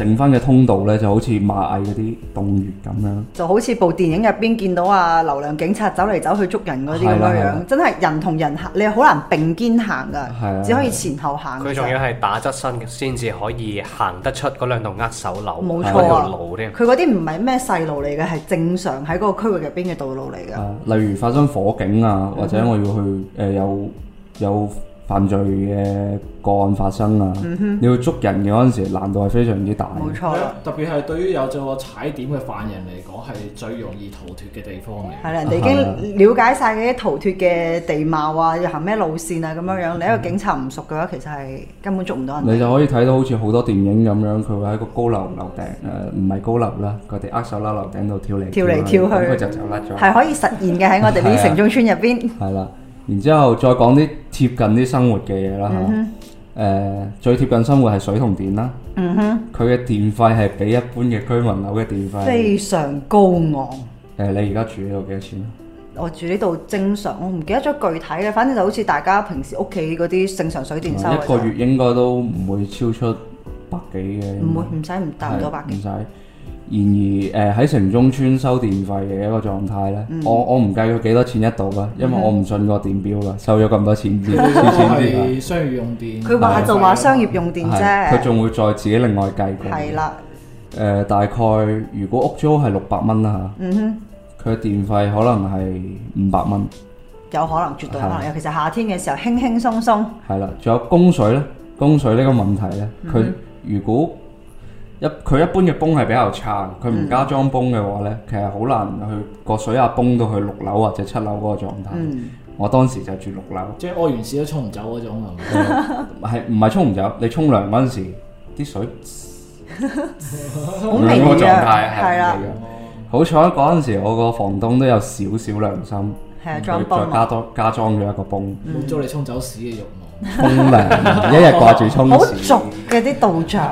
整翻嘅通道咧，就好似螞蟻嗰啲洞穴咁樣，就好似部電影入邊見到啊流量警察走嚟走去捉人嗰啲咁樣樣，啊啊、真係人同人行你好難並肩行噶，啊、只可以前後行。佢仲要係打側身嘅，先至可以行得出嗰兩度握手樓，冇錯啊！佢嗰啲唔係咩細路嚟嘅，係正常喺嗰個區域入邊嘅道路嚟噶、啊。例如發生火警啊，或者我要去誒有、呃、有。有有有犯罪嘅個案發生啊！你要捉人嘅嗰陣時，難度係非常之大。冇錯啦，特別係對於有做個踩點嘅犯人嚟講，係最容易逃脫嘅地方嘅。係啦，人哋已經了解晒嗰啲逃脫嘅地貌啊，又行咩路線啊，咁樣樣。你一個警察唔熟嘅話，其實係根本捉唔到人。你就可以睇到好似好多電影咁樣，佢會喺個高樓樓頂誒，唔係高樓啦，佢哋握手啦，樓頂度跳嚟跳去，咁佢就走甩咗。係可以實現嘅喺我哋啲城中村入邊。係啦。然之後再講啲貼近啲生活嘅嘢啦嚇，誒、最貼近生活係水同電啦。嗯哼，佢嘅、呃、電費係、嗯、哼比一般嘅居民樓嘅電費非常高昂。誒、呃，你而家住呢度幾多錢？我住呢度正常，我唔記得咗具體嘅，反正就好似大家平時屋企嗰啲正常水電收、嗯。一個月應該都唔會超出百幾嘅。唔會，唔使唔達到百幾。然而，誒、呃、喺城中村收電費嘅一個狀態咧、嗯，我我唔計佢幾多錢一度嘅，因為我唔信個電表噶，收咗咁多錢電。都係、嗯、商業用電。佢話就話商業用電啫。佢仲會再自己另外計過。係啦、呃。大概如果屋租係六百蚊啦嚇。嗯哼。佢嘅電費可能係五百蚊。有可能，絕對可能，尤其是夏天嘅時候，輕輕鬆鬆。係啦。仲有供水呢，供水呢個問題呢，佢、嗯、如果。一佢一般嘅泵係比較差，佢唔加裝泵嘅話呢，其實好難去個水壓泵到去六樓或者七樓嗰個狀態。我當時就住六樓，即係屙完屎都沖唔走嗰種，係唔係沖唔走？你沖涼嗰陣時啲水咁明嘅係啦。好彩嗰陣時我個房東都有少少良心，係啊，再加多加裝咗一個泵，足你沖走屎嘅用。沖涼，一日掛住沖屎，好俗嘅啲道長。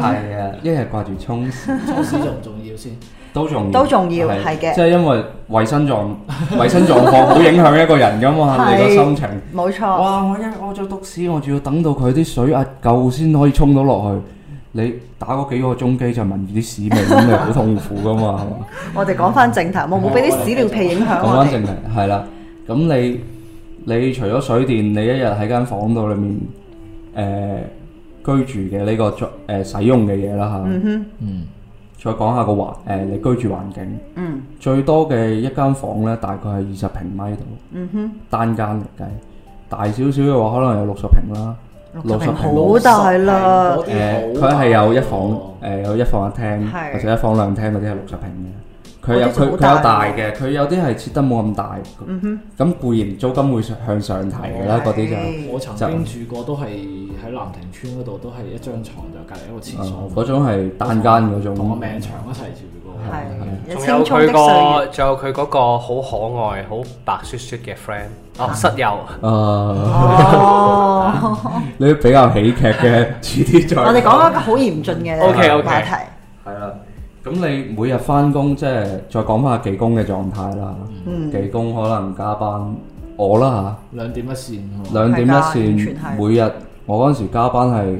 係啊，一日掛住沖屎，沖屎重唔重要先，都重要。都重要係嘅。即係因為衛生狀衛生狀況好影響一個人噶嘛，你個心情。冇錯。哇，我一我做篤屎，我仲要等到佢啲水壓夠先可以沖到落去。你打嗰幾個鐘機就聞住啲屎味，咁咪好痛苦噶嘛。我哋講翻正題，冇冇俾啲屎尿屁影響我哋。講翻正題，係啦，咁你。你除咗水電，你一日喺間房度裏面誒、呃、居住嘅呢、這個作誒、呃、使用嘅嘢啦嚇。嗯哼，嗯、mm，hmm. 再講下個環誒、呃、你居住環境。嗯、mm，hmm. 最多嘅一間房咧，大概係二十平米度。嗯哼、mm，hmm. 單間嚟計，大少少嘅話，可能有六十平啦。六十平好大啦。誒，佢係、嗯呃、有一房誒、嗯哦呃、有一房一廳，是或者一房兩廳，都啲係六十平嘅。佢有佢佢有大嘅，佢有啲係設得冇咁大，咁固然租金會向上提嘅啦。嗰啲就我曾經住過都係喺南亭村嗰度，都係一張床，就隔離一個廁所。嗰種係單間嗰種，同個命長一齊住過。係，仲有佢個，仲有佢嗰個好可愛、好白雪雪嘅 friend，哦室友。哦，你比較喜劇嘅主題，我哋講一個好嚴峻嘅 O K O K 題，係啦。咁、嗯、你每日翻工，即係再講翻下技工嘅狀態啦。技、嗯、工可能加班，我啦吓。兩點一線。兩點一線，每日天我嗰時加班係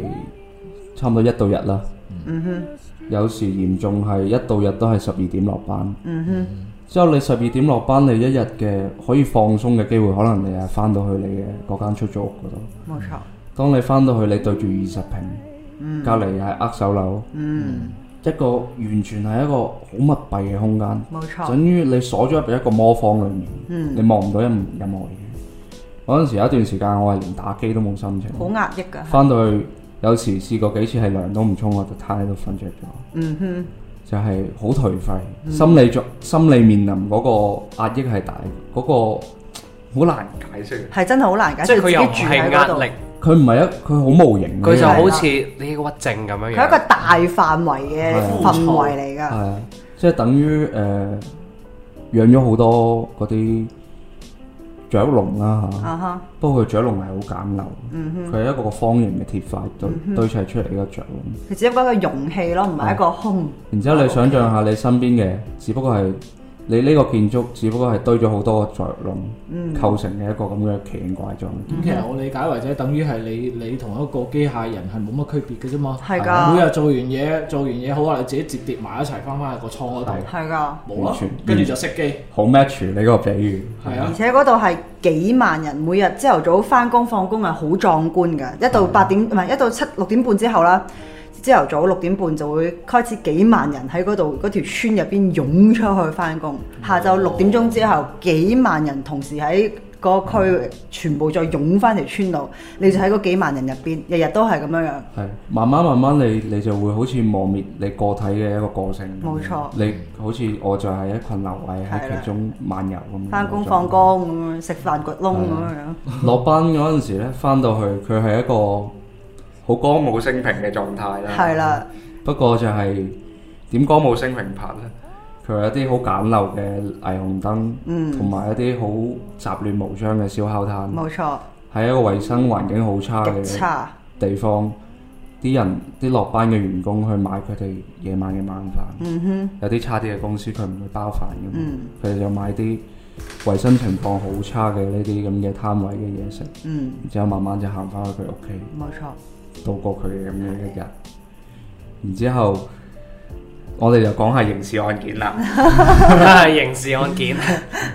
差唔多一到日啦。嗯哼。有時嚴重係一到日都係十二點落班。嗯哼。之後你十二點落班，你一日嘅可以放鬆嘅機會，可能你係翻到去你嘅嗰間出租屋嗰度。冇錯錯。當你翻到去，你對住二十平，隔籬係握手樓。嗯。嗯一個完全係一個好密閉嘅空間，冇錯，等於你鎖咗入一個魔方裏面，嗯、你望唔到任任何嘢。嗰陣時有一段時間，我係連打機都冇心情，好壓抑噶。翻到去係，有時試過幾次係涼都唔沖，我就癱喺度瞓着咗。嗯哼，就係好頹廢，心理作心理面臨嗰個壓抑係大，嗰、嗰個好難解釋嘅，係真係好難解釋。即係佢有係壓力。佢唔係一佢好無形，佢就好似你個鬱症咁樣。佢係一個大範圍嘅氛圍嚟㗎，即係等於誒、呃、養咗好多嗰啲雀龍啦嚇，不過佢雀龍係好簡陋，佢係、uh huh. 一個個方形嘅鐵塊就、uh huh. 堆砌出嚟嘅雀龍。佢只不過一個容器咯，唔係一個空。啊、然之後你想象下你身邊嘅，只不過係。你呢個建築只不過係堆咗好多個座窿，構成你一個咁嘅奇形怪狀。咁、嗯、其實我理解為者等於係你你同一個機械人係冇乜區別嘅啫嘛。係噶的，每日做完嘢，做完嘢好啊，你自己折疊埋一齊，翻翻去個倉嗰度。係噶，冇啦，跟住就熄機。好 match 你嗰個比喻。係啊。的而且嗰度係幾萬人，每日朝頭早翻工放工係好壯觀㗎。一到八點唔係的、嗯、一到七六點半之後啦。朝頭早六點半就會開始幾萬人喺嗰度嗰條村入邊湧出去翻工，哦、下晝六點鐘之後幾萬人同時喺嗰個區域全部再湧翻條村度。嗯、你就喺嗰幾萬人入邊，日日都係咁樣樣。係慢慢慢慢你，你你就會好似磨滅你個體嘅一個個性。冇錯。你好似我就係一群流體喺的其中漫遊咁。翻工放工咁樣，食飯焗窿咁樣。落班嗰陣時咧，翻到去佢係一個。 好歌舞升平嘅狀態啦，係啦。不過就係點歌舞升平拍呢？佢有一啲好簡陋嘅霓虹燈，同埋一啲好雜亂無章嘅燒烤攤，冇錯。係一個衞生環境好差嘅地方，啲人啲落班嘅員工去買佢哋夜晚嘅晚飯，嗯哼，有啲差啲嘅公司佢唔會包飯嘅，佢哋就買啲衞生情況好差嘅呢啲咁嘅攤位嘅嘢食，嗯，之後慢慢就行翻去佢屋企，冇錯。度過佢嘅咁樣一日，的然之後。我哋就講下刑事案件啦， 刑事案件。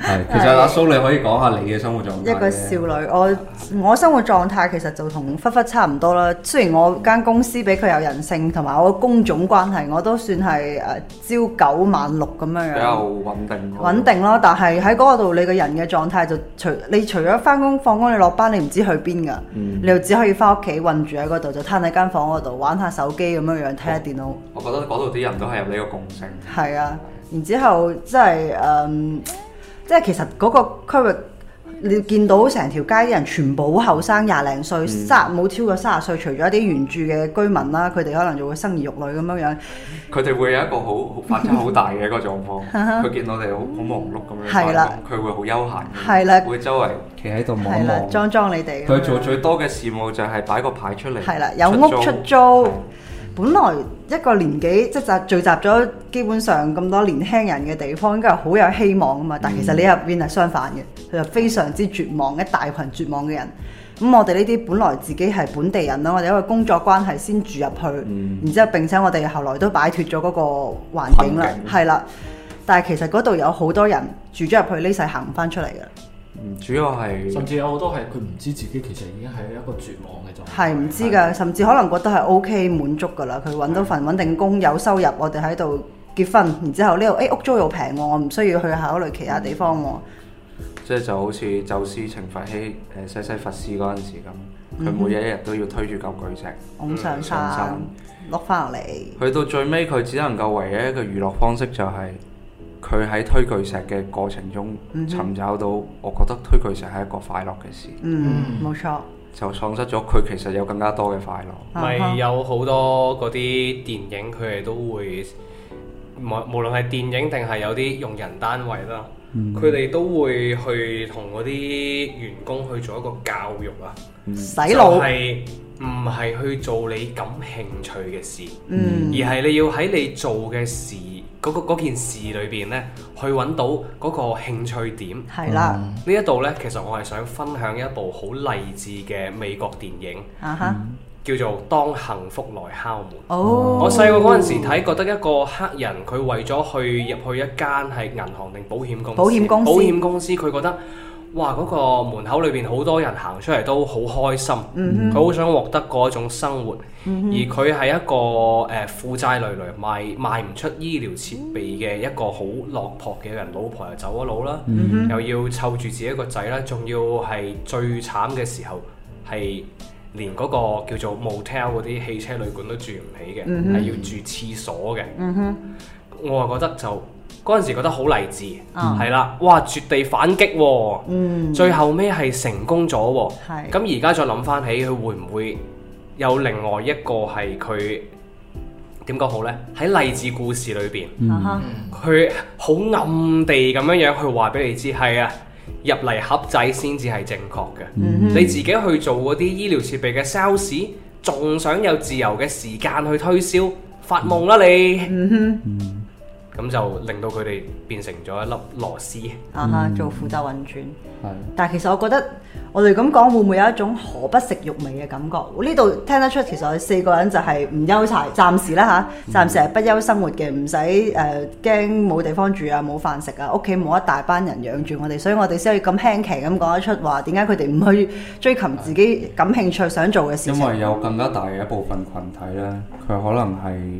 係， 其實阿蘇你可以講下你嘅生活狀態。一個少女，我我生活狀態其實就同忽忽差唔多啦。雖然我間公司比佢有人性，同埋我工種關係，我都算係誒朝九晚六咁樣樣，比較穩定。穩定咯，但係喺嗰度你個人嘅狀態就除，你除咗返工放工你落班你唔知去邊㗎，你又、嗯、只可以返屋企混住喺嗰度，就攤喺間房嗰度玩下手機咁樣樣，睇下電腦，嗯。我覺得嗰度啲人都係一個共性係啊，然之後即係誒，即係其實嗰個區域，你見到成條街啲人全部好後生，廿零歲三冇超過三十歲，除咗一啲原住嘅居民啦，佢哋可能就會生兒育女咁樣樣。佢哋會有一個好發展好大嘅一個狀況。佢 見到我哋好好忙碌咁樣，係啦的，佢會好休閒，係啦的，會周圍企喺度望一望，裝裝你哋。佢做最多嘅事務就係擺個牌出嚟，係啦的，有屋出租，的本來。一個年紀即聚集咗基本上咁多年輕人嘅地方，應該係好有希望㗎嘛。但係其實呢入邊係相反嘅，佢就非常之絕望，一大群絕望嘅人。咁、嗯、我哋呢啲本來自己係本地人啦，我哋因為工作關係先住入去，然之後並且我哋後來都擺脱咗嗰個環境啦，係啦的。但係其實嗰度有好多人住咗入去呢世行唔翻出嚟嘅。主要係，甚至有好多係佢唔知自己其實已經係一個絕望嘅狀態。係唔知㗎，的甚至可能覺得係 O K 滿足㗎啦。佢揾到份穩定的工，有收入，我哋喺度結婚，然之後呢度呃屋租又平喎，我唔需要去考慮其他地方喎。即係、嗯就是、就好似宙斯、懲罰希誒西西佛斯嗰陣時咁，佢、嗯、哼每日一日都要推住嚿巨石，拱、嗯、哼上山，落翻落嚟。去來到最尾，佢只能夠唯一一個娛樂方式就係、是。佢喺推巨石嘅過程中，尋找到我覺得推巨石係一個快樂嘅事。嗯，冇錯。就喪失咗佢其實有更加多嘅快樂。咪有好多嗰啲電影，佢哋都會無無論係電影定係有啲用人單位啦，佢哋都會去同嗰啲員工去做一個教育啊，洗腦係唔係去做你感興趣嘅事？嗯，而係你要喺你做嘅事。嗰個嗰件事裏邊咧，去揾到嗰個興趣點。係啦，呢一度咧，其實我係想分享一部好勵志嘅美國電影，叫做《當幸福來敲門》。哦，我細個嗰陣時睇，覺得一個黑人佢為咗去入去一間係銀行定保險公司，保險公司，保險公司，佢覺得。哇！嗰、那個門口裏邊好多人行出嚟都好開心，佢好、mm hmm. 想獲得嗰種生活。Mm hmm. 而佢係一個誒、呃、負債累累賣賣唔出醫療設備嘅一個好落魄嘅人，老婆又走咗佬啦，mm hmm. 又要湊住自己一個仔啦，仲要係最慘嘅時候係連嗰個叫做 motel 嗰啲汽車旅館都住唔起嘅，係、mm hmm. 要住廁所嘅。Mm hmm. 我又覺得就～嗰陣時覺得好勵志，係啦、oh，哇！絕地反擊、哦，嗯、最後尾係成功咗喎、哦。咁而家再諗翻起，佢會唔會有另外一個係佢點講好呢？喺勵志故事裏邊，佢好、uh huh. 暗地咁樣樣去話俾你知，係啊，入嚟盒仔先至係正確嘅。嗯、哼你自己去做嗰啲醫療設備嘅 sales，仲想有自由嘅時間去推銷，發夢啦、啊、你！嗯咁就令到佢哋變成咗一粒螺絲啊！嚇、嗯，做負責運轉。係，但係其實我覺得我哋咁講會唔會有一種何不食肉糜嘅感覺？呢度聽得出，其實我哋四個人就係唔憂柴，暫時啦嚇、啊，暫時係不憂生活嘅，唔使誒驚冇地方住啊，冇飯食啊，屋企冇一大班人養住我哋，所以我哋先可以咁輕奇咁講得出話，點解佢哋唔去追求自己感的興趣想做嘅事？因為有更加大嘅一部分群體咧，佢可能係。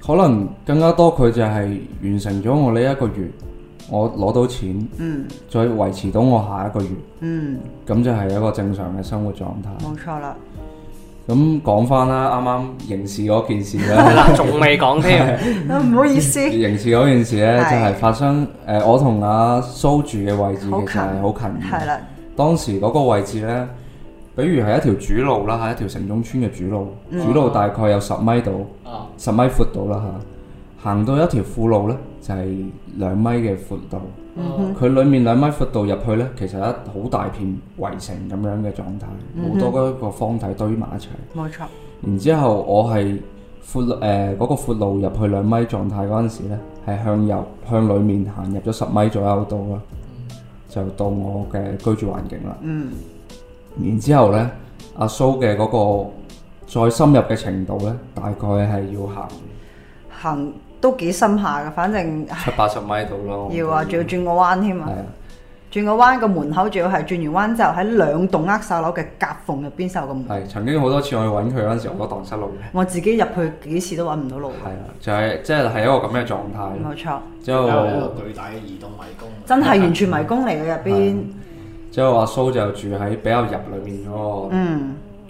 可能更加多佢就係完成咗我呢一個月，我攞到錢，嗯、再維持到我下一個月，咁、嗯、就係一個正常嘅生活狀態。冇錯啦。咁講翻啦，啱啱刑事嗰件事啦，仲未講添，唔 是好意思。刑事嗰件事咧，就係發生誒，的我同阿蘇住嘅位置其實係好近，近，係啦。的當時嗰個位置咧。比如係一條主路啦，吓一條城中村嘅主路，主路大概有十米度，嗯、哼十米闊度啦吓。行到一條副路呢，就係、是、兩米嘅闊度，佢、嗯、哼裏面兩米闊度入去呢，其實一好大片圍城咁樣嘅狀態，好、嗯、哼多嗰個方體堆埋一齊。冇錯錯。然後之後我係闊誒嗰個闊路去兩入去兩米狀態嗰陣時咧，係向右向裏面行入咗十米左右度啦，嗯、就到我嘅居住環境啦。嗯。然之後呢，阿蘇嘅嗰個再深入嘅程度呢，大概係要行行都幾深下㗎，反正七八十米度咯。要啊，仲要轉個彎添啊！轉個彎個門口，仲要係轉完彎之後喺兩棟握手樓嘅夾縫入邊受咁。係曾經好多次我去揾佢嗰陣時，我都蕩失路嘅。我自己入去幾次都揾唔到路。係啊，就係即係係一個咁嘅狀態。冇錯，就係一個巨大嘅移動迷宮。真係完全迷宮嚟嘅入邊。即係話蘇就住喺比較入裏面嗰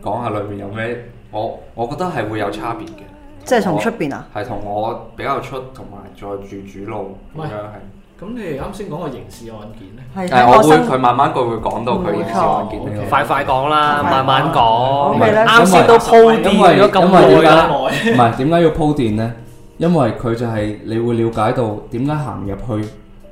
個，講下裏面有咩，我我覺得係會有差別嘅，即係同出邊啊，係同我比較出同埋再住主路咁樣係。咁你啱先講個刑事案件咧，係但係我會佢慢慢佢會講到佢刑事案件呢個，快快講啦，慢慢講，啱先都鋪墊咗咁耐啦，唔係點解要鋪墊咧？因為佢就係你會了解到點解行入去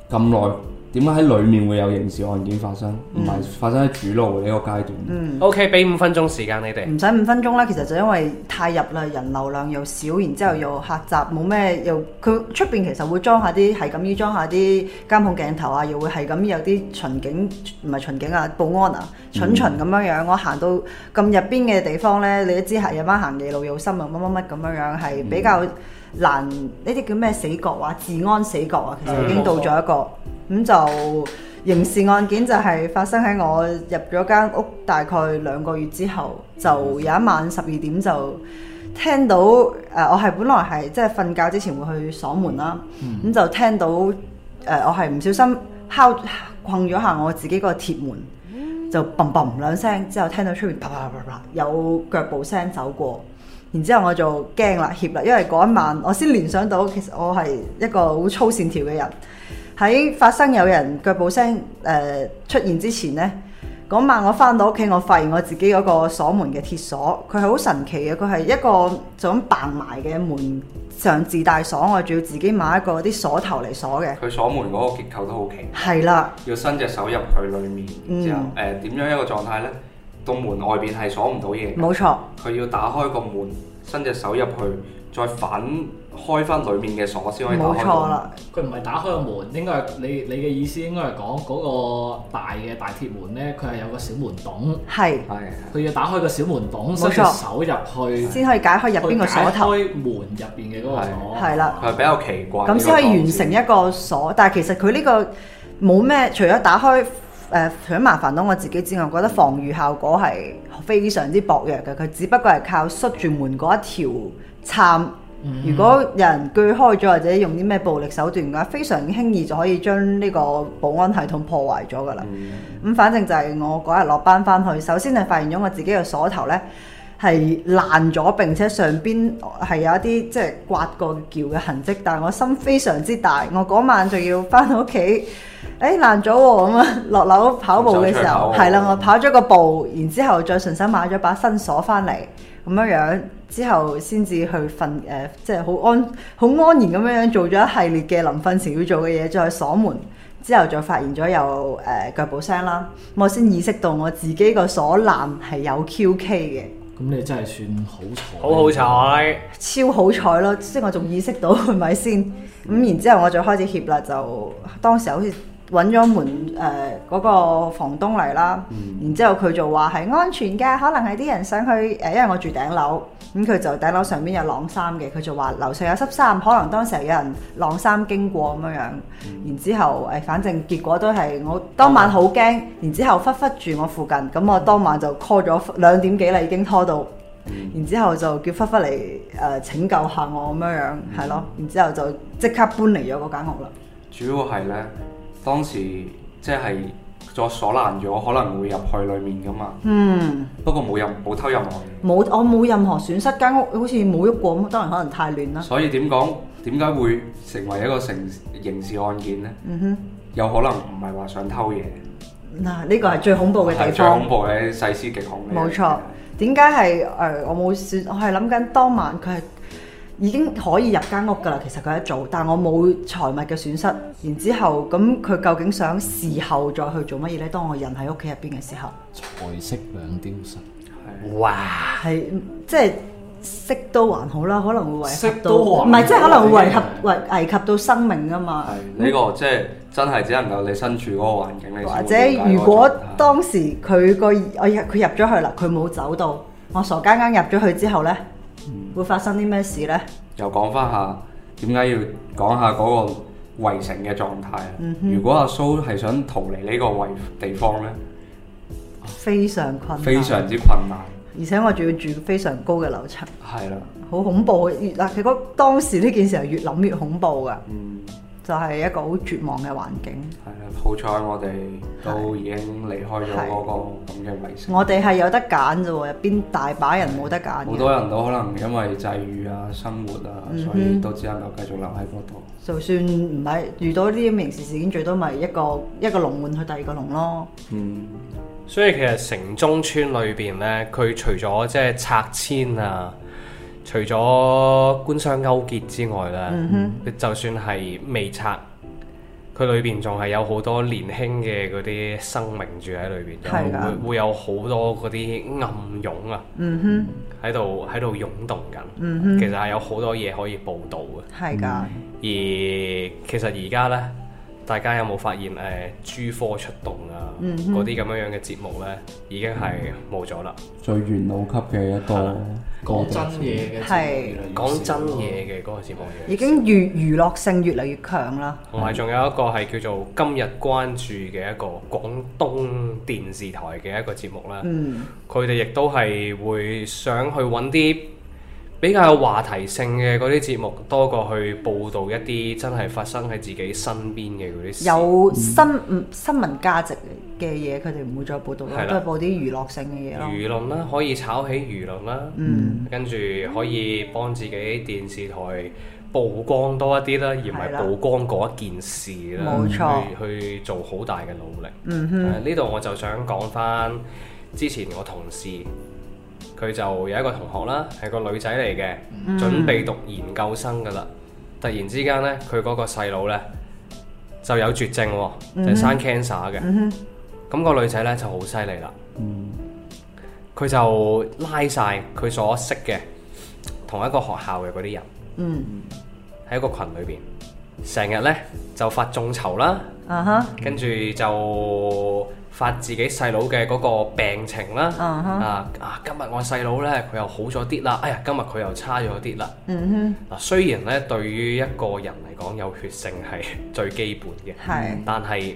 咁耐。點解喺裏面會有刑事案件發生？唔係發生喺主路呢個階段。嗯，OK，俾五分鐘時間你哋。唔使五分鐘啦，其實就因為太入啦，人流量又少，然之後又客雜，冇咩，又佢出邊其實會裝下啲，係咁意裝下啲監控鏡頭啊，又會係咁有啲巡警，唔係巡警啊，保安啊，蠢巡巡咁樣樣。嗯、我行到咁入邊嘅地方咧，你都知係夜晚行夜路又深啊，乜乜乜咁樣樣，係比較。嗯嗱，呢啲叫咩死角啊？治安死角啊，其實已經到咗一個咁、嗯、就刑事案件就係發生喺我入咗間屋大概兩個月之後，就有一晚十二點就聽到誒、呃，我係本來係即係瞓覺之前會去鎖門啦，咁、嗯、就聽到誒、呃、我係唔小心敲困咗下我自己個鐵門，就嘣嘣兩聲，之後聽到出面啪啪啪啪有腳步聲走過。然之後我就驚啦、怯啦，因為嗰一晚我先聯想到，其實我係一個好粗線條嘅人。喺發生有人腳步聲誒、呃、出現之前呢，嗰晚我翻到屋企，我發現我自己嗰個鎖門嘅鐵鎖，佢係好神奇嘅，佢係一個就咁扮埋嘅門上自帶鎖，我仲要自己買一個啲鎖頭嚟鎖嘅。佢鎖門嗰個結構都好奇。係啦，要伸隻手入佢裡面，之、嗯、後誒點、呃、樣一個狀態呢？個門外邊係鎖唔到嘢，冇錯。佢要打開個門，伸隻手入去，再反開翻裡面嘅鎖先可以打開到嚟。冇錯啦。佢唔係打開個門，應該係你，你嘅意思應該係講嗰個大嘅大鐵門呢。佢係有個小門洞。係係是，佢要打開個小門洞，伸隻錯手入去，先可以解開入邊個鎖頭。開門入邊嘅嗰個鎖，係啦，佢係比較奇怪。咁先、嗯、可以完成一個鎖，但係其實佢呢個冇咩，除咗打開。誒、呃、除咗麻煩到我自己之外，我覺得防禦效果係非常之薄弱嘅。佢只不過係靠塞住門嗰一條撐。Mm hmm. 如果有人鋸開咗或者用啲咩暴力手段嘅話，非常輕易就可以將呢個保安系統破壞咗㗎啦。咁、mm hmm. 嗯、反正就係我嗰日落班翻去，首先係發現咗我自己嘅鎖頭呢係爛咗，並且上邊係有一啲即係刮過撬嘅痕跡。但我心非常之大，我嗰晚仲要翻到屋企。誒，爛咗喎，咁啊、哦，落樓跑步嘅時候，係啦，我跑咗個步，然後之後再順手買咗把新鎖翻嚟，咁樣樣之後先至去瞓，誒，即係好安好安然咁樣樣做咗一系列嘅臨瞓前要做嘅嘢，再鎖門，之後就發現咗有誒腳、呃，步聲啦，我先意識到我自己個鎖爛係有 QK 嘅。咁你真係算好彩，好好彩，超好彩咯！即係我仲意識到係咪先？咁然之後我再開始協啦，就當時好似。揾咗門誒嗰個房東嚟啦，嗯、然之後佢就話係安全嘅，可能係啲人想去誒，因為我住頂樓，咁佢就頂樓上邊有晾衫嘅，佢就話樓上有濕衫，可能當時有人晾衫經過咁樣樣，然之後誒，反正結果都係我當晚好驚，然之後忽忽住我附近，咁我當晚就 call 咗兩點幾啦，已經拖到，然之後就叫忽忽嚟誒拯救下我咁樣樣，係、嗯、咯，然之後就即刻搬嚟咗嗰間屋啦。主要係呢。當時即係再鎖爛咗，可能會入去裡面噶嘛。嗯。不過冇任冇偷任何嘢。冇，我冇任何損失，間屋好似冇喐過咁。當然可能太亂啦。所以點講？點解會成為一個刑刑事案件呢？嗯哼。有可能唔係話想偷嘢。嗱、啊，呢個係最恐怖嘅地方。最恐怖嘅細思極恐。冇錯。點解係？誒、呃，我冇選，我係諗緊當晚佢係。已經可以入間屋噶啦，其實佢一做，但我冇財物嘅損失。然之後咁，佢究竟想事後再去做乜嘢呢？當我人喺屋企入邊嘅時候，財色兩丟失，嗯、哇，係即係色都還好啦，可能會危及到。唔係，即係可能圍危及到生命啊嘛。呢、這個即係真係只能夠你身處嗰個環境，或者如果當時佢個我入佢入咗去啦，佢冇走到，我傻更啱入咗去之後呢。會發生啲咩事呢？又講翻下點解要講下嗰個圍城嘅狀態？嗯、哼如果阿蘇係想逃離呢個圍地方呢，非常困難，非常之困難，而且我仲要住非常高嘅樓層，係啦的，好恐怖嘅。嗱，其實當時呢件事係越諗越恐怖噶嗯就係一個好絕望嘅環境。係啊，好彩我哋都已經離開咗嗰個咁嘅危城。的我哋係有得揀啫喎，入邊大把人冇得揀。好多人都可能因為際遇啊、生活啊，嗯、哼所以都只能夠繼續留喺嗰度。就算唔係遇到呢啲刑事事件，最多咪一個一個龍換去第二個龍咯。嗯，所以其實城中村裏邊呢，佢除咗即係拆遷啊。除咗官商勾結之外啦，佢、mm hmm. 就算係未拆，佢裏邊仲係有好多年輕嘅嗰啲生命住喺裏邊，會會有好多嗰啲暗湧啊，喺度喺度湧動緊，mm hmm. 其實係有好多嘢可以報導嘅。係㗎的。而其實而家咧。大家有冇發現誒？豬科出動啊！嗰啲咁樣樣嘅節目呢，已經係冇咗啦。最元老級嘅一個，講的真嘢嘅，係講的真嘢嘅嗰個節目越越、嗯。已經越娛樂性越嚟越強啦。同埋仲有一個係叫做《今日關注》嘅一個廣東電視台嘅一個節目啦。佢哋亦都係會想去揾啲。比較有話題性嘅嗰啲節目多過去報導一啲真係發生喺自己身邊嘅啲事，有新、嗯、新聞價值嘅嘢，佢哋唔會再報導咯，的都係報啲娛樂性嘅嘢咯。娛樂啦，可以炒起娛樂啦，嗯，跟住可以幫自己電視台曝光多一啲啦，而唔係曝光嗰一件事啦。冇的錯去，去做好大嘅努力。嗯哼，呢度、uh，我就想講翻之前我同事。佢就有一個同學啦，係個女仔嚟嘅，準備讀研究生噶啦。突然之間呢，佢嗰個細佬呢，就有絕症喎，mm hmm. 就生 cancer 嘅。咁、mm hmm. 個女仔呢，就好犀利啦，佢、hmm. 就拉晒佢所識嘅同一個學校嘅嗰啲人，喺、mm hmm. 個群裏邊，成日呢，就發眾籌啦，uh huh. 跟住就。發自己細佬嘅嗰個病情啦，啊、uh huh. 啊！今日我細佬呢，佢又好咗啲啦。哎呀，今日佢又差咗啲啦。嗱、mm，hmm. 雖然呢，對於一個人嚟講，有血性係最基本嘅，mm hmm. 但係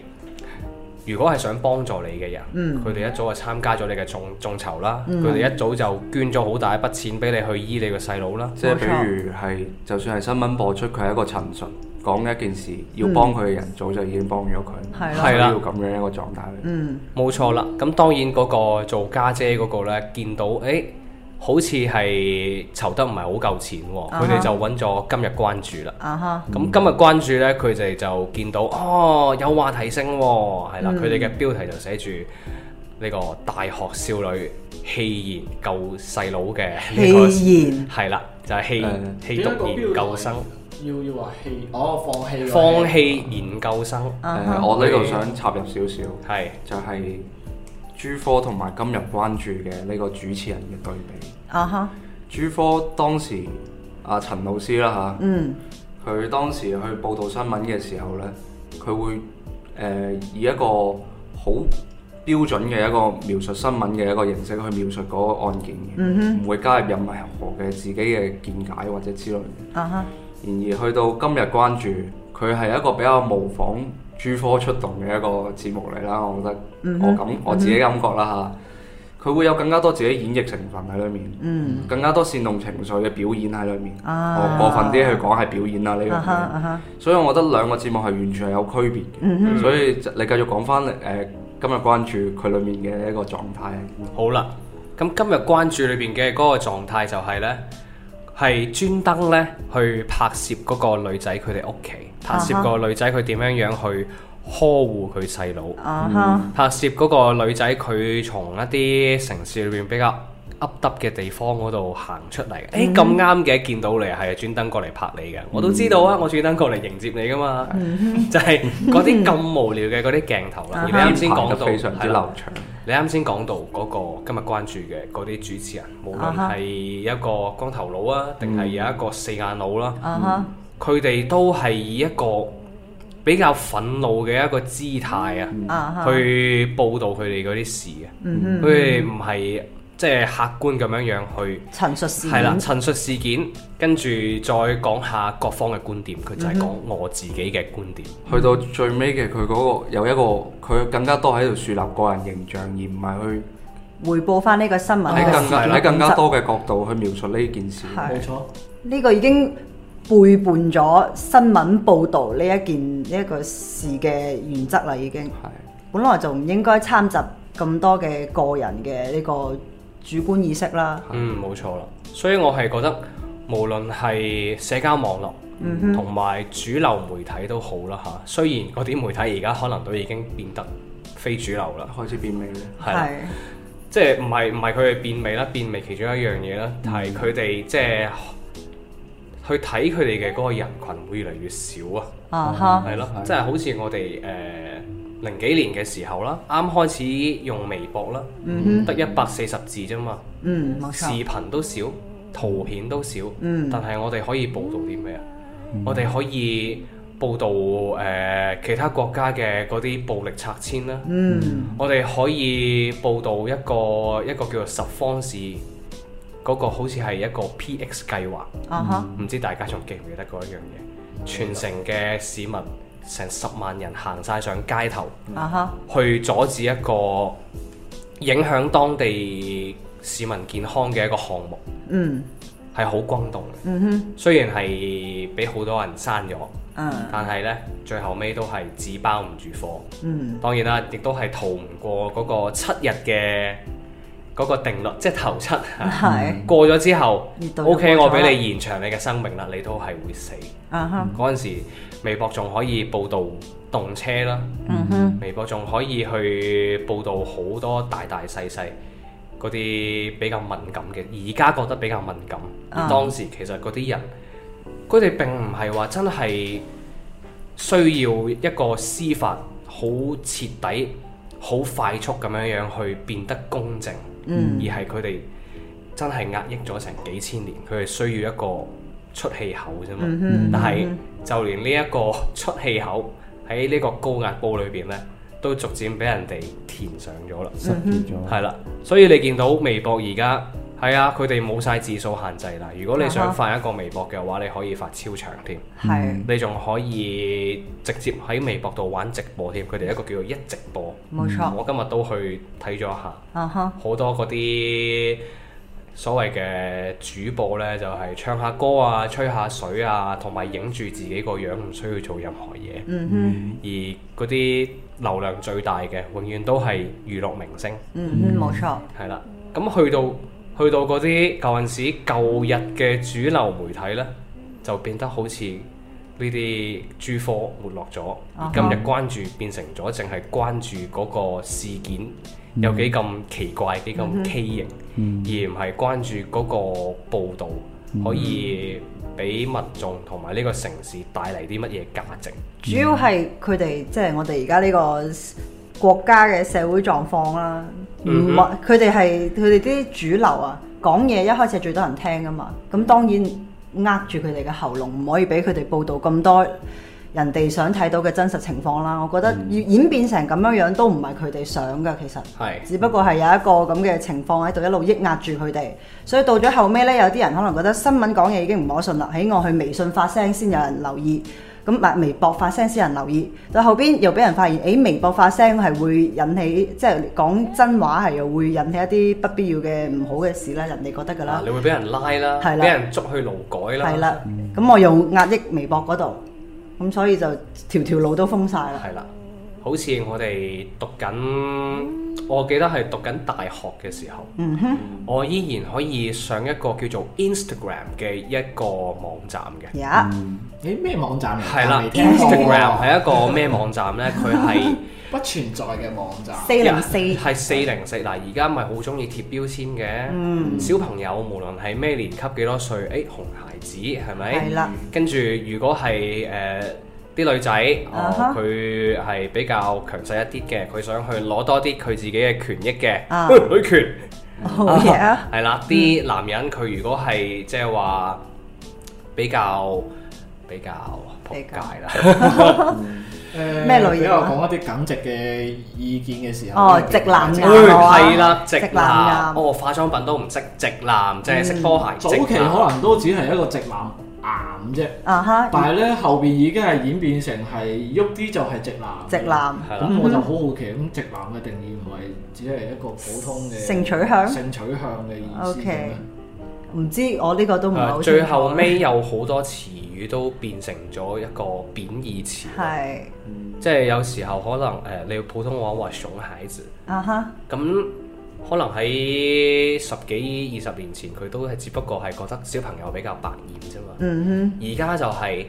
如果係想幫助你嘅人，佢哋、mm hmm. 一早就參加咗你嘅眾眾籌啦，佢哋、mm hmm. 一早就捐咗好大一筆錢俾你去醫你個細佬啦。即係、mm hmm. 比如係，mm hmm. 就算係新聞播出，佢係一個陳述。講一件事，要幫佢嘅人、嗯、早就已經幫咗佢，係啦的，要咁樣一個狀態。嗯，冇錯啦。咁當然嗰個做家姐嗰個呢，見到，誒、欸，好似係籌得唔係好夠錢，哦，佢哋、啊、哈就揾咗今日關注啦。啊咁哈、嗯、今日關注呢，佢哋就見到，哦，有話題性喎，哦，係啦，佢哋嘅標題就寫住呢個大學少女棄言救細佬嘅棄言，係啦言， 就係棄棄讀研究生。要要話棄哦，放棄放棄研究生。嗯 uh huh. 我呢度想插入少少，係就係朱科同埋今日關注嘅呢個主持人嘅對比。啊哈、uh！Huh. 朱科當時阿陳老師啦嚇，嗯、uh，佢、huh. 當時去報道新聞嘅時候咧，佢會誒以一個好標準嘅一個描述新聞嘅一個形式去描述嗰個案件嘅，唔、uh huh. 會加入任何嘅自己嘅見解或者之類。啊哈、uh！Huh. 然而去到今日關注，佢係一個比較模仿 G 科出動嘅一個節目嚟啦，我覺得我咁我自己感覺啦嚇，佢會有更加多自己演繹成分喺裡面，嗯、更加多煽動情緒嘅表演喺裡面，啊、我過分啲去講係表演啦呢樣嘢，啊哈啊哈所以我覺得兩個節目係完全係有區別嘅。嗯、哼所以你繼續講翻誒今日關注佢裏面嘅一個狀態。嗯、好啦，咁今日關注裏邊嘅嗰個狀態就係呢。係專登咧去拍攝嗰個女仔佢哋屋企，拍攝個女仔佢點樣樣去呵護佢細佬，uh huh. 拍攝嗰個女仔佢從一啲城市裏面比較凹凸嘅地方嗰度行出嚟。誒咁啱嘅，見到你係專登過嚟拍你嘅，我都知道啊，uh huh. 我專登過嚟迎接你噶嘛，uh huh. 就係嗰啲咁無聊嘅嗰啲鏡頭啦，uh huh. 你啱先講到、uh huh. 非常之流暢。你啱先講到嗰個今日關注嘅嗰啲主持人，無論係一個光頭佬啊，定係有一個四眼佬啦、啊，佢哋、mm hmm. 都係以一個比較憤怒嘅一個姿態啊，mm hmm. 去報導佢哋嗰啲事嘅，佢哋唔係。Hmm. 即係客觀咁樣樣去陳述事件，係啦，陳述事件，跟住再講下各方嘅觀點，佢就係講我自己嘅觀點。嗯、去到最尾嘅佢嗰個有一個，佢更加多喺度樹立個人形象，而唔係去回報翻呢個新聞。喺更加多嘅角度去描述呢件事，係冇錯、啊。呢個已經背叛咗新聞報道呢一件呢一、呢個事嘅原則啦，已經係是本來就唔應該參雜咁多嘅個人嘅呢、呢個。主觀意識啦，嗯，冇錯啦，所以我係覺得無論係社交網絡同埋、嗯、哼主流媒體都好啦，吓，雖然嗰啲媒體而家可能都已經變得非主流啦，開始變味咧，係的的即係唔係唔係佢哋變味啦？變味其中一樣嘢啦，係佢哋即係。去睇佢哋嘅嗰個人群會越嚟越少啊，係咯，即係好似我哋誒、呃、零幾年嘅時候啦，啱開始用微博啦，得一百四十字啫嘛，視頻、mm hmm. 都少，圖片都少，mm hmm. 但係我哋可以報導啲咩啊？Mm hmm. 我哋可以報導誒、呃、其他國家嘅嗰啲暴力拆遷啦，mm hmm. 我哋可以報導一個一個叫做十方市。嗰個好似係一個 PX 計劃，唔、uh huh. 知大家仲記唔記得嗰一樣嘢？Uh huh. 全城嘅市民成十萬人行晒上街頭，uh huh. 去阻止一個影響當地市民健康嘅一個項目。嗯、uh，係、huh. 好轟動。嗯哼、uh，huh. 雖然係俾好多人生咗，uh huh. 但係呢最後尾都係紙包唔住火。嗯、uh，huh. 當然啦，亦都係逃唔過嗰個七日嘅。嗰個定律，即係頭七、啊、是過咗之後對，O OK , K，我俾你延長你嘅生命啦，你都係會死。嗰陣、uh huh. 時，微博仲可以報道動車啦，uh huh. 微博仲可以去報道好多大大細細嗰啲比較敏感嘅。而家覺得比較敏感，而、uh huh. 當時其實嗰啲人，佢哋並唔係話真係需要一個司法好徹底、好快速咁樣樣去變得公正。嗯、而係佢哋真係壓抑咗成幾千年，佢係需要一個出氣口啫嘛。嗯、哼但係就連呢一個出氣口喺呢個高壓煲裏邊呢，都逐漸俾人哋填上咗啦，失掉咗。係啦，所以你見到微博而家。係啊，佢哋冇晒字數限制啦。如果你想發一個微博嘅話，uh huh. 你可以發超長添。係、mm，hmm. 你仲可以直接喺微博度玩直播添。佢哋一個叫做一直播。冇錯、mm，hmm. 我今日都去睇咗下。好、uh huh. 多嗰啲所謂嘅主播呢，就係、是、唱下歌啊、吹下水啊，同埋影住自己個樣，唔需要做任何嘢。嗯嗯、mm。Hmm. 而嗰啲流量最大嘅，永遠都係娛樂明星。嗯，冇錯。係啦，咁去到。去到嗰啲舊陣時舊日嘅主流媒體呢，就變得好似呢啲豬科沒落咗。Uh huh. 而今日關注變成咗，淨係關注嗰個事件有幾咁奇怪、幾咁畸形，hmm. mm hmm. 而唔係關注嗰個報導、mm hmm. 可以俾民眾同埋呢個城市帶嚟啲乜嘢價值。Mm hmm. 主要係佢哋即係我哋而家呢個國家嘅社會狀況啦。唔，佢哋係佢哋啲主流啊，講嘢一開始係最多人聽㗎嘛。咁當然壓住佢哋嘅喉嚨，唔可以俾佢哋報導咁多人哋想睇到嘅真實情況啦。我覺得演演變成咁樣樣都唔係佢哋想㗎，其實係，mm hmm. 只不過係有一個咁嘅情況喺度一路抑壓住佢哋，所以到咗後尾呢，有啲人可能覺得新聞講嘢已經唔可信啦，喺我去微信發聲先有人留意。咁埋微博發聲先人留意，但後邊又俾人發現，誒、欸、微博發聲係會引起，即、就、係、是、講真話係又會引起一啲不必要嘅唔好嘅事啦，人哋覺得㗎啦、啊，你會俾人拉啦，俾了人捉去勞改啦，咁我用壓抑微博嗰度，咁所以就條條路都封晒啦。好似我哋讀緊，我記得係讀緊大學嘅時候，嗯、我依然可以上一個叫做 Instagram 嘅一個網站嘅。呀、yeah. 嗯，咩、欸、網站嚟？係啦，Instagram 係一個咩網站呢？佢係不存在嘅網站。四零四係四零四嗱，而家咪好中意貼標籤嘅。嗯、小朋友無論係咩年級幾多歲，誒、哎、紅孩子係咪？係啦。跟住如果係誒。呃啲女仔，佢係比較強勢一啲嘅，佢想去攞多啲佢自己嘅權益嘅，女權，好嘢啊！係啦，啲男人佢如果係即係話比較比較仆街啦，誒咩類型？比較講一啲簡直嘅意見嘅時候，哦直男嘅，係啦，直男，哦化妝品都唔識，直男淨係識拖鞋，早期可能都只係一個直男。癌啫，啊、哈但係咧後邊已經係演變成係喐啲就係直，直男，嗯、哼直男咁，我就好好奇咁，直男嘅定義唔係只係一個普通嘅性、性取向，性取向嘅意思唔知我呢個都唔係、啊。最後尾有好多詞語都變成咗一個貶義詞，係是、嗯、即係有時候可能誒、呃，你普通話話熊孩子，啊哈咁。嗯可能喺十幾二十年前，佢都係只不過係覺得小朋友比較白癡啫嘛。而家、mm hmm. 就係、是、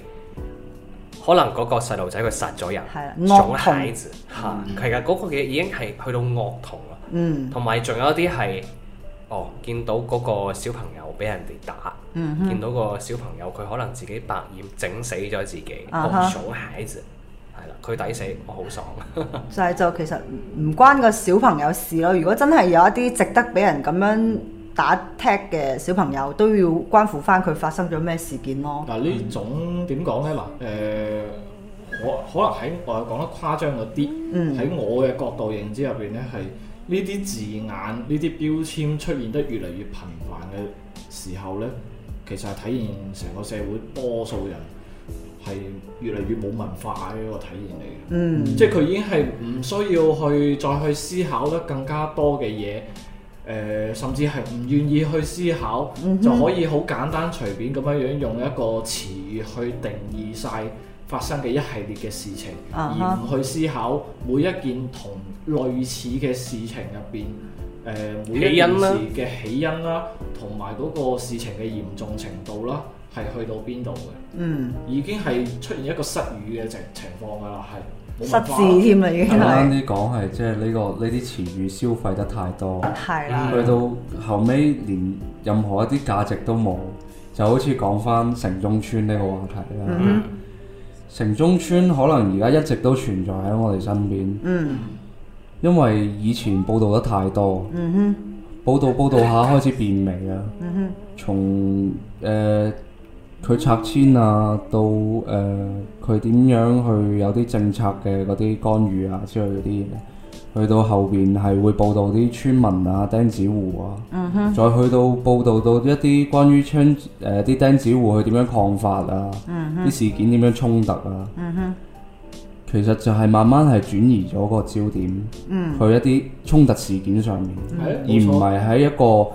可能嗰個細路仔佢殺咗人，熊的童孩子嚇，係啊、嗯，其實嗰個已經係去到惡童啦。同埋仲有一啲係，哦，見到嗰個小朋友俾人哋打，mm hmm. 見到個小朋友佢可能自己白癡整死咗自己，熊、uh huh. 孩子。係啦，佢抵死，我好爽。 就係就其實唔關個小朋友事咯。如果真係有一啲值得俾人咁樣打 tag 嘅小朋友，都要關乎翻佢發生咗咩事件咯。嗱呢種點講咧？嗱、呃，誒，可可能喺我講得誇張嗰啲，喺、嗯、我嘅角度認知入邊咧，係呢啲字眼、呢啲標籤出現得越嚟越頻繁嘅時候咧，其實係體現成個社會多數人。係越嚟越冇文化嘅一個體現嚟嘅，嗯，即係佢已經係唔需要去再去思考得更加多嘅嘢，誒、呃，甚至係唔願意去思考，嗯、哼就可以好簡單隨便咁樣樣用一個詞語去定義晒發生嘅一系列嘅事情，嗯、哼而唔去思考每一件同類似嘅事情入邊誒每一件事嘅起因啦，同埋嗰個事情嘅嚴重程度啦。係去到邊度嘅？嗯，已經係出現一個失語嘅情情況噶啦，係失智添啦已經係。簡單啲講，係即係呢個呢啲詞語消費得太多，係、嗯、啦，去到後尾連任何一啲價值都冇，就好似講翻城中村呢個話題啦。嗯哼，城中村可能而家一直都存在喺我哋身邊。嗯，因為以前報道得太多。嗯哼，報道報道下開始變味啦。嗯哼，從誒。呃佢拆遷啊，到誒佢點樣去有啲政策嘅嗰啲干預啊之類嗰啲嘢，去到後邊係會報道啲村民啊釘子戶啊，uh huh. 再去到報道到一啲關於村誒啲釘子戶佢點樣抗法啊，啲、uh huh. 事件點樣衝突啊，uh huh. 其實就係慢慢係轉移咗個焦點，uh，嗯、huh.，去一啲衝突事件上面，uh huh. 而唔係喺一個誒。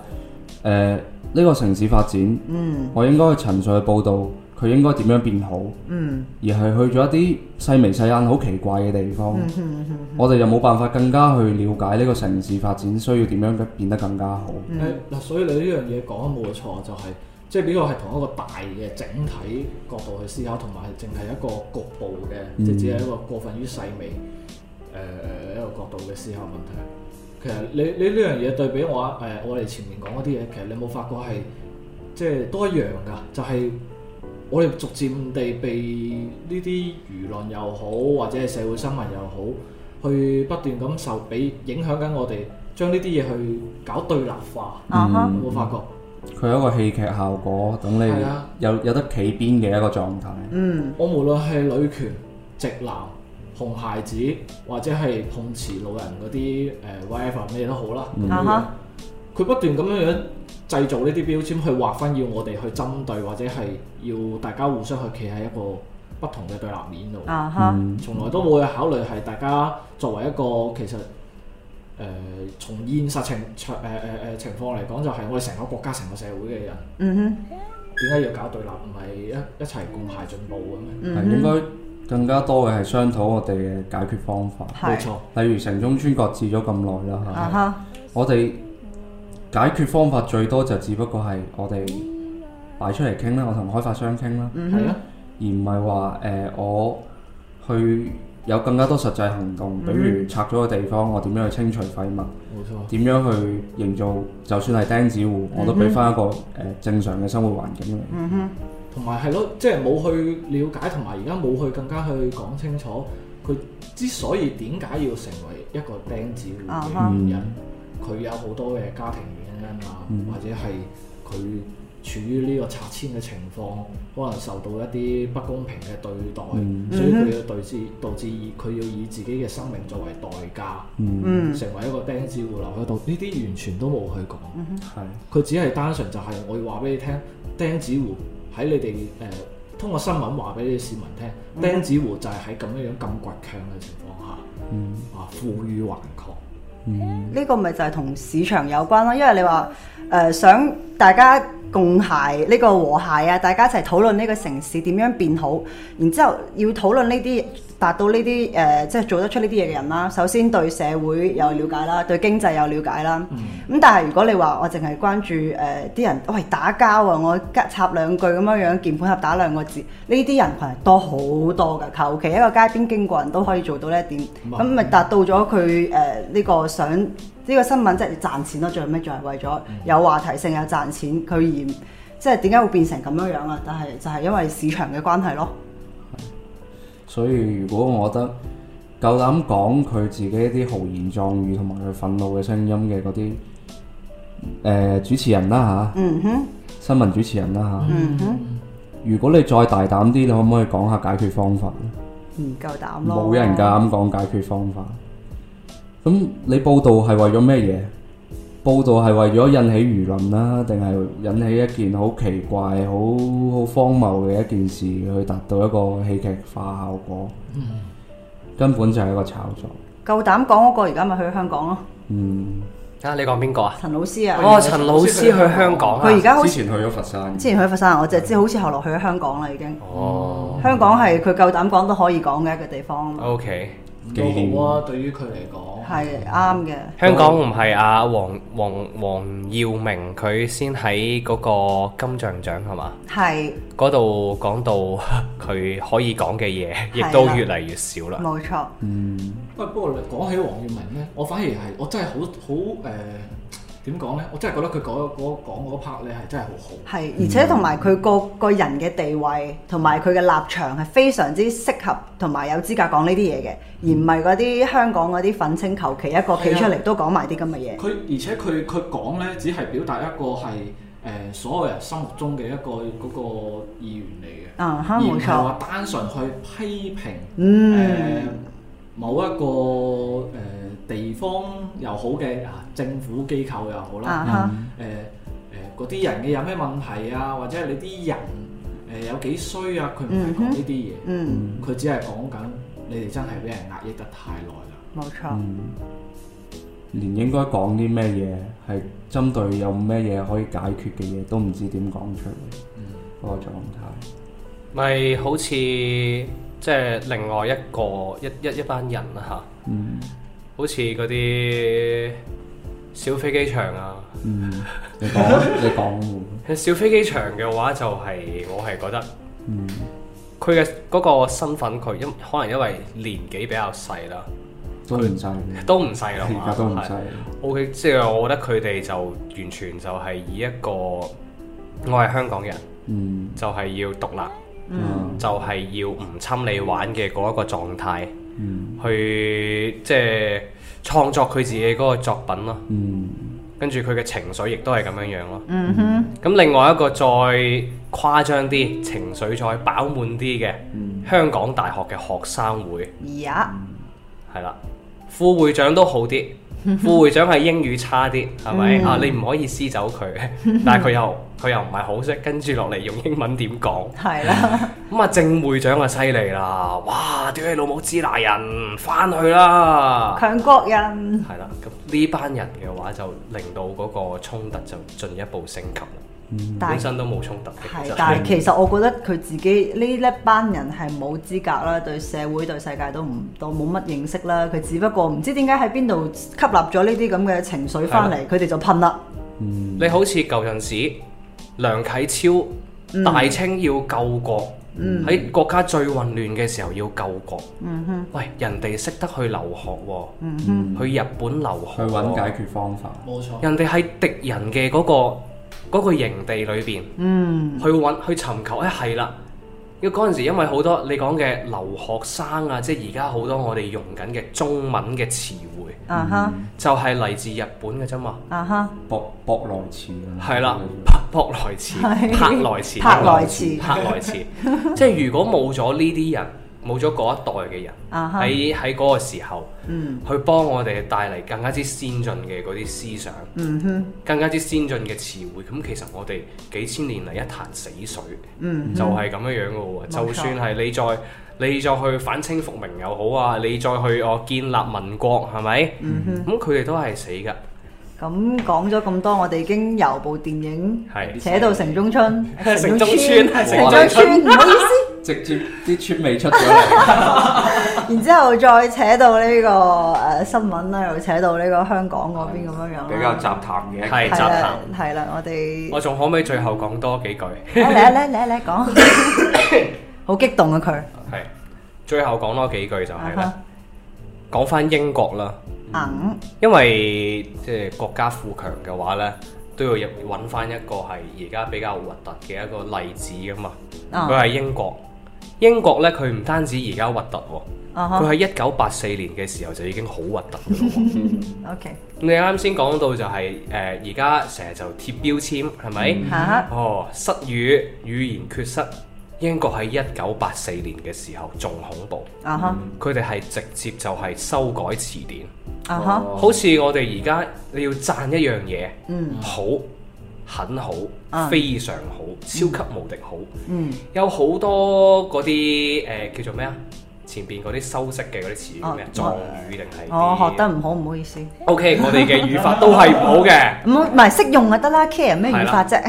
呃呢個城市發展，嗯，我應該去陳述去報導佢應該點樣變好，嗯，而係去咗一啲細微細眼、好奇怪嘅地方，嗯嗯嗯、我哋又冇辦法更加去了解呢個城市發展需要點樣變得更加好。嗯嗯、所以你呢樣嘢講得冇錯，就係即係比較係同一個大嘅整體角度去思考，同埋淨係一個局部嘅，即係只係一個過分於細微誒一個角度嘅思考問題。其實你你呢樣嘢對比我誒、呃、我哋前面講嗰啲嘢，其實你冇發覺係即係都一樣噶？就係、係、我哋逐漸地被呢啲輿論又好，或者係社會新聞又好，去不斷咁受俾影響緊我哋，將呢啲嘢去搞對立化。嗯，冇發覺？佢係一個戲劇效果，等你有、啊、有，有得企邊嘅一個狀態。嗯，我無論係女權、直男。紅孩子或者係碰瓷老人嗰啲誒 whatever 咩都好啦，佢、mm hmm. 不斷咁樣製造呢啲標籤去劃分，要我哋去針對或者係要大家互相去企喺一個不同嘅對立面度，mm hmm. 從來都冇去考慮係大家作為一個其實誒、呃、從現實情誒誒情況嚟講，就係我哋成個國家成個社會嘅人，點解、mm hmm. 要搞對立？唔係一一齊共諧進步嘅咩？係、mm hmm. 應更加多嘅係商討我哋嘅解決方法，冇錯。例如城中村擱置咗咁耐啦，嚇、啊哈。我哋解決方法最多就只不過係我哋擺出嚟傾啦，我同開發商傾啦，嗯、哼而唔係話誒，我去有更加多實際行動，比如拆咗個地方，我點樣去清除廢物？冇錯、嗯哼。點樣去營造？就算係釘子戶，我都俾翻一個誒、嗯哼呃、正常嘅生活環境同埋係咯，即係冇去了解，同埋而家冇去更加去講清楚，佢之所以點解要成為一個釘子戶嘅原因，佢、uh huh. 有好多嘅家庭原因啊，uh huh. 或者係佢處於呢個拆遷嘅情況，可能受到一啲不公平嘅對待，uh huh. 所以佢要導致導致以佢要以自己嘅生命作為代價，嗯、uh，huh. 成為一個釘子戶留喺度，呢啲完全都冇去講，係、uh，佢、huh. 只係單純就係我要話俾你聽，釘子戶。喺你哋誒、呃、通過新聞話俾你哋市民聽，釘、嗯、子戶就係喺咁樣樣咁倔強嘅情況下，話、嗯啊、富於頑抗，呢、嗯、個咪就係同市場有關咯。因為你話誒、呃、想大家共諧呢、這個和諧啊，大家一齊討論呢個城市點樣變好，然之後要討論呢啲。達到呢啲誒，即係做得出呢啲嘢嘅人啦。首先對社會有了解啦，嗯、對經濟有了解啦。咁、嗯、但係如果你話我淨係關注誒啲、呃、人，喂打交啊，我插兩句咁樣樣鍵盤俠打兩個字，呢啲人羣係多好多噶。求其一個街邊經過人都可以做到呢一點，咁咪、嗯、達到咗佢誒呢個想呢、這個新聞即係賺錢咯、啊。最尾仲係為咗有話題性有賺錢，佢而即係點解會變成咁樣樣啊？但係就係因為市場嘅關係咯。所以如果我覺得夠膽講佢自己一啲豪言壯語，同埋佢憤怒嘅聲音嘅嗰啲誒主持人啦嚇，新聞主持人啦嚇，嗯、哼如果你再大膽啲，你可唔可以講下解決方法？唔夠膽，冇人夠膽講解決方法。咁你報道係為咗咩嘢？報道係為咗引起輿論啦，定係引起一件好奇怪、好好荒謬嘅一件事，去達到一個戲劇化效果。嗯、根本就係一個炒作。夠膽講嗰個而家咪去香港咯。嗯，啊，你講邊個啊？陳老師啊。哦、啊，陳老師去香港。佢而家好似之前去咗佛山。之前去咗佛山，我就知好似後來去咗香港啦，已經。哦。嗯、香港係佢夠膽講都可以講嘅一個地方。O K。幾好啊！嗯、對於佢嚟講，係啱嘅。香港唔係阿黃黃黃耀明佢先喺嗰個金像獎係嘛？係。嗰度講到佢可以講嘅嘢，亦都越嚟越少啦。冇錯。嗯。嗯，不過你講起黃耀明咧，我反而係我真係好好誒。點講呢？我真係覺得佢講嗰講 part 咧係真係好好。係，而且同埋佢個個人嘅地位同埋佢嘅立場係非常之適合同埋有資格講呢啲嘢嘅，而唔係嗰啲香港嗰啲憤青求其一個企出嚟都講埋啲咁嘅嘢。佢、啊、而且佢佢講呢，只係表達一個係誒、呃、所有人心目中嘅一個嗰、嗰個意願嚟嘅。啊、嗯，冇錯。而唔係話單純去批評誒、嗯呃、某一個誒。呃地方又好嘅，啊，政府機構又好啦，誒誒嗰啲人嘅有咩問題啊，或者你啲人誒、呃、有幾衰啊，佢唔係講呢啲嘢，佢、uh huh. 只係講緊你哋真係俾人壓抑得太耐啦，冇錯、嗯，連應該講啲咩嘢係針對有咩嘢可以解決嘅嘢都唔知點講出嚟，嗰、uh huh. 個狀態，咪好似即係另外一個一一一班人啦，嚇、啊。嗯。好似嗰啲小飛機場啊，嗯，你講你講， 小飛機場嘅話就係、是、我係覺得，嗯，佢嘅嗰個身份佢因可能因為年紀比較細啦，都唔細，他都唔細啦嘛，都唔細。O K，即係我覺得佢哋就完全就係以一個我係香港人，嗯，就係要獨立，嗯，就係要唔侵你玩嘅嗰一個狀態。去即係創作佢自己嗰個作品咯，嗯、跟住佢嘅情緒亦都係咁樣樣咯。咁、嗯、哼另外一個再誇張啲，情緒再飽滿啲嘅，嗯、香港大學嘅學生會，係、嗯、啦，副會長都好啲。副會長係英語差啲，係咪啊？嗯、你唔可以撕走佢，但係佢又佢又唔係好識，跟住落嚟用英文點講？係啦。咁啊，正會長就犀利啦！哇，屌你老母支那人，翻去啦！強國人係啦。咁呢班人嘅話就令到嗰個衝突就進一步升級。本身都冇衝突，係，但係其實我覺得佢自己呢一班人係冇資格啦，對社會對世界都唔都冇乜認識啦。佢只不過唔知點解喺邊度吸納咗呢啲咁嘅情緒翻嚟，佢哋就噴啦。你好似舊陣時，梁啟超大清要救國，喺國家最混亂嘅時候要救國。嗯哼，喂，人哋識得去留學喎，去日本留學去揾解決方法。冇錯，人哋係敵人嘅嗰個。嗰個營地裏邊，嗯，去搵去尋求咧係啦，因為嗰陣時因為好多你講嘅留學生啊，即係而家好多我哋用緊嘅中文嘅詞彙，啊哈就係嚟自日本嘅啫嘛，啊哈，博博來詞係啦，博來詞 啦，拍來詞， 拍來詞，拍來詞，即係如果冇咗呢啲人。冇咗嗰一代嘅人喺喺個時候，去幫我哋帶嚟更加之先進嘅嗰啲思想，更加之先進嘅詞彙，咁其實我哋幾千年嚟一潭死水，就係咁樣樣嘅，就算係你再你再去反清復明又好啊，你再去哦建立民國，係咪？咁佢哋都係死噶咁講咗咁多，我哋已經由部電影扯到城中村，城中村，城中村，直接啲村未出咗，嚟，然之後再扯到呢個誒新聞啦，又扯到呢個香港嗰邊咁樣樣， 比較雜談嘅，係雜 對是談，係啦，我哋我仲可唔可以最後講多幾句？嚟嚟嚟嚟講， 好激動啊！佢係、okay. 最後講多幾句就係啦，uh huh. 講翻英國啦，嗯、因為即係國家富強嘅話呢，都要入揾翻一個係而家比較核突嘅一個例子噶嘛，佢係 英國。英國咧，佢唔單止而家核突，佢喺一九八四年嘅時候就已經好核突嘅咯。 o Okay . K，你啱先講到就係、是、誒，而家成日就貼標籤，係咪？嚇、uh huh. 哦，失語語言缺失，英國喺一九八四年嘅時候仲恐怖。啊，佢哋係直接就係修改詞典。啊、uh huh. 好似我哋而家你要讚一樣嘢，嗯、uh，huh. 好。很好，非常好，超級無敵好。嗯，有好多嗰啲誒叫做咩啊？前邊嗰啲修飾嘅嗰啲詞語咩？狀語定係？我學得唔好，唔好意思。OK，我哋嘅語法都係唔好嘅。唔好、嗯，唔係識用就得啦。Care 咩語法啫？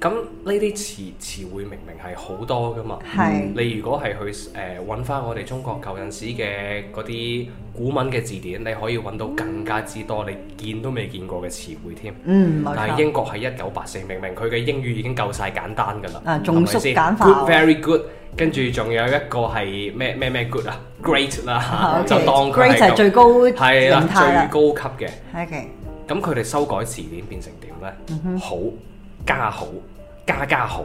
咁呢啲詞詞彙明？係好多噶嘛？係是、嗯、你如果係去誒揾翻我哋中國舊陣時嘅嗰啲古文嘅字典，你可以揾到更加之多你見都未見過嘅詞彙添。嗯，但係英國係一九八四，明明佢嘅英語已經夠晒簡單噶啦，係咪先？Good, Very good。跟住仲有一個係咩咩咩 good 啊，great 啦，啊、okay, 就當佢係最高係啦，最高級嘅。OK。咁佢哋修改字典變成點呢？嗯、哼好加好加，加加好。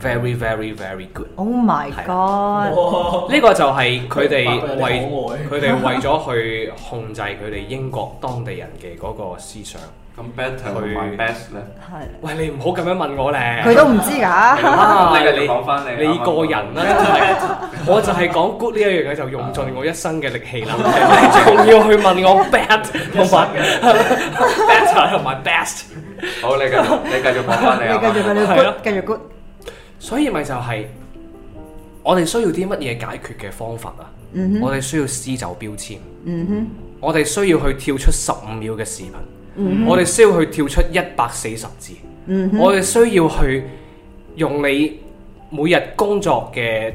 Very, very, very good. Oh my god！呢個就係佢哋為佢哋為咗去控制佢哋英國當地人嘅嗰個思想。咁 better 同埋 best 咧？係。喂你唔好咁樣問我咧。佢都唔知㗎。你繼續講翻你。你個人啦，我就係講 good 呢一樣嘢就用盡我一生嘅力氣啦。你仲要去問我 bad？明白？Better 同埋 best？好，你繼續，你繼續講翻你啊。係咯，繼續 good。所以咪就係、是，我哋需要啲乜嘢解決嘅方法啊？Mm hmm. 我哋需要撕走標籤。Mm hmm. 我哋需要去跳出十五秒嘅視頻。Mm hmm. 我哋需要去跳出一百四十字。Mm hmm. 我哋需要去用你每日工作嘅，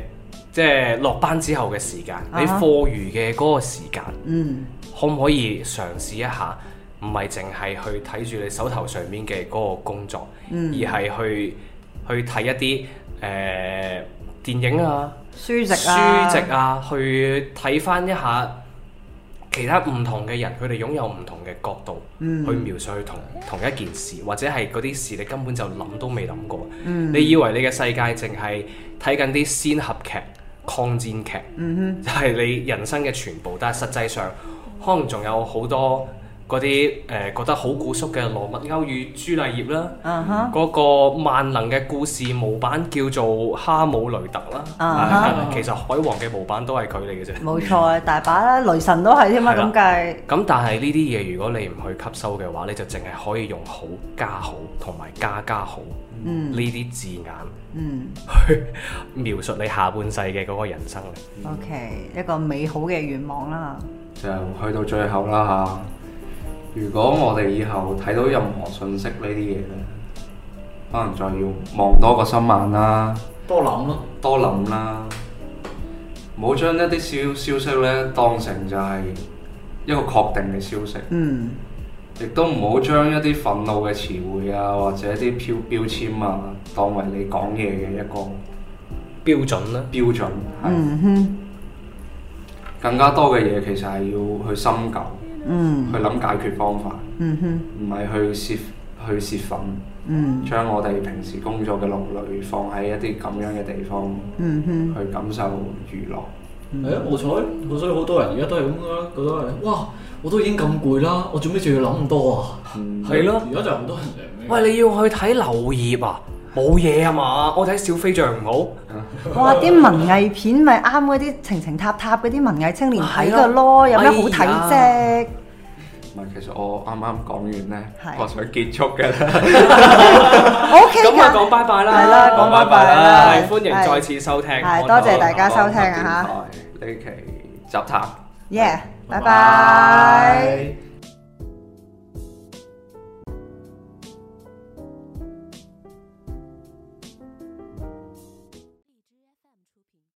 即係落班之後嘅時間，mm hmm. 你課餘嘅嗰個時間，可唔、mm hmm. 可以嘗試一下？唔係淨係去睇住你手頭上面嘅嗰個工作，mm hmm. 而係去。去睇一啲誒、呃、電影啊、書籍啊、書籍啊，去睇翻一下其他唔同嘅人，佢哋擁有唔同嘅角度，嗯、去描述去同同一件事，或者係嗰啲事你根本就諗都未諗過，嗯、你以為你嘅世界淨係睇緊啲仙俠劇、抗戰劇，嗯哼就係你人生嘅全部，但係實際上可能仲有好多。嗰啲誒，覺得好古縮嘅《羅密歐與朱麗葉》啦，嗰、uh huh. 個萬能嘅故事模板叫做《哈姆雷特》啦、uh huh. 呃。其實《海王》嘅模板都係佢嚟嘅啫。冇錯，大把啦，雷神都係添啊！咁計。 咁但係呢啲嘢，如果你唔去吸收嘅話，你就淨係可以用好加好同埋加加好呢啲、uh huh. 字眼，去描述你下半世嘅嗰個人生。O、okay, K，一個美好嘅願望啦。就 去到最後啦吓。如果我哋以後睇到任何信息、呢啲嘢，可能就要望多個心眼啦，多諗咯，多諗啦，唔好將一啲消消息咧當成就係一個確定嘅消息。嗯，亦都唔好將一啲憤怒嘅詞彙啊，或者啲標標籤啊，當為你講嘢嘅一個標準咧。標準、啦標準。嗯哼，更加多嘅嘢其實係要去深究。嗯，去諗解決方法，嗯哼，唔係去泄去泄憤，嗯哼，將我哋平時工作嘅勞累放喺一啲咁樣嘅地方，嗯哼，去感受娛樂，係啊，冇錯，所以好多人而家都係咁啦，覺得哇，我都已經咁攰啦，我做咩仲要諗咁多、嗯、哼啊？係咯，而家就咁多人，喂，你要去睇流葉啊？冇嘢啊嘛，我睇小飛象唔好。哇！啲文藝片咪啱嗰啲情情塔塔嗰啲文藝青年睇噶咯，有咩好睇啫？唔係，其實我啱啱講完咧，我想結束嘅啦。OK，咁我講拜拜啦，係啦，講拜拜啦，係歡迎再次收聽，多謝大家收聽啊吓，呢期集談，yeah，拜拜。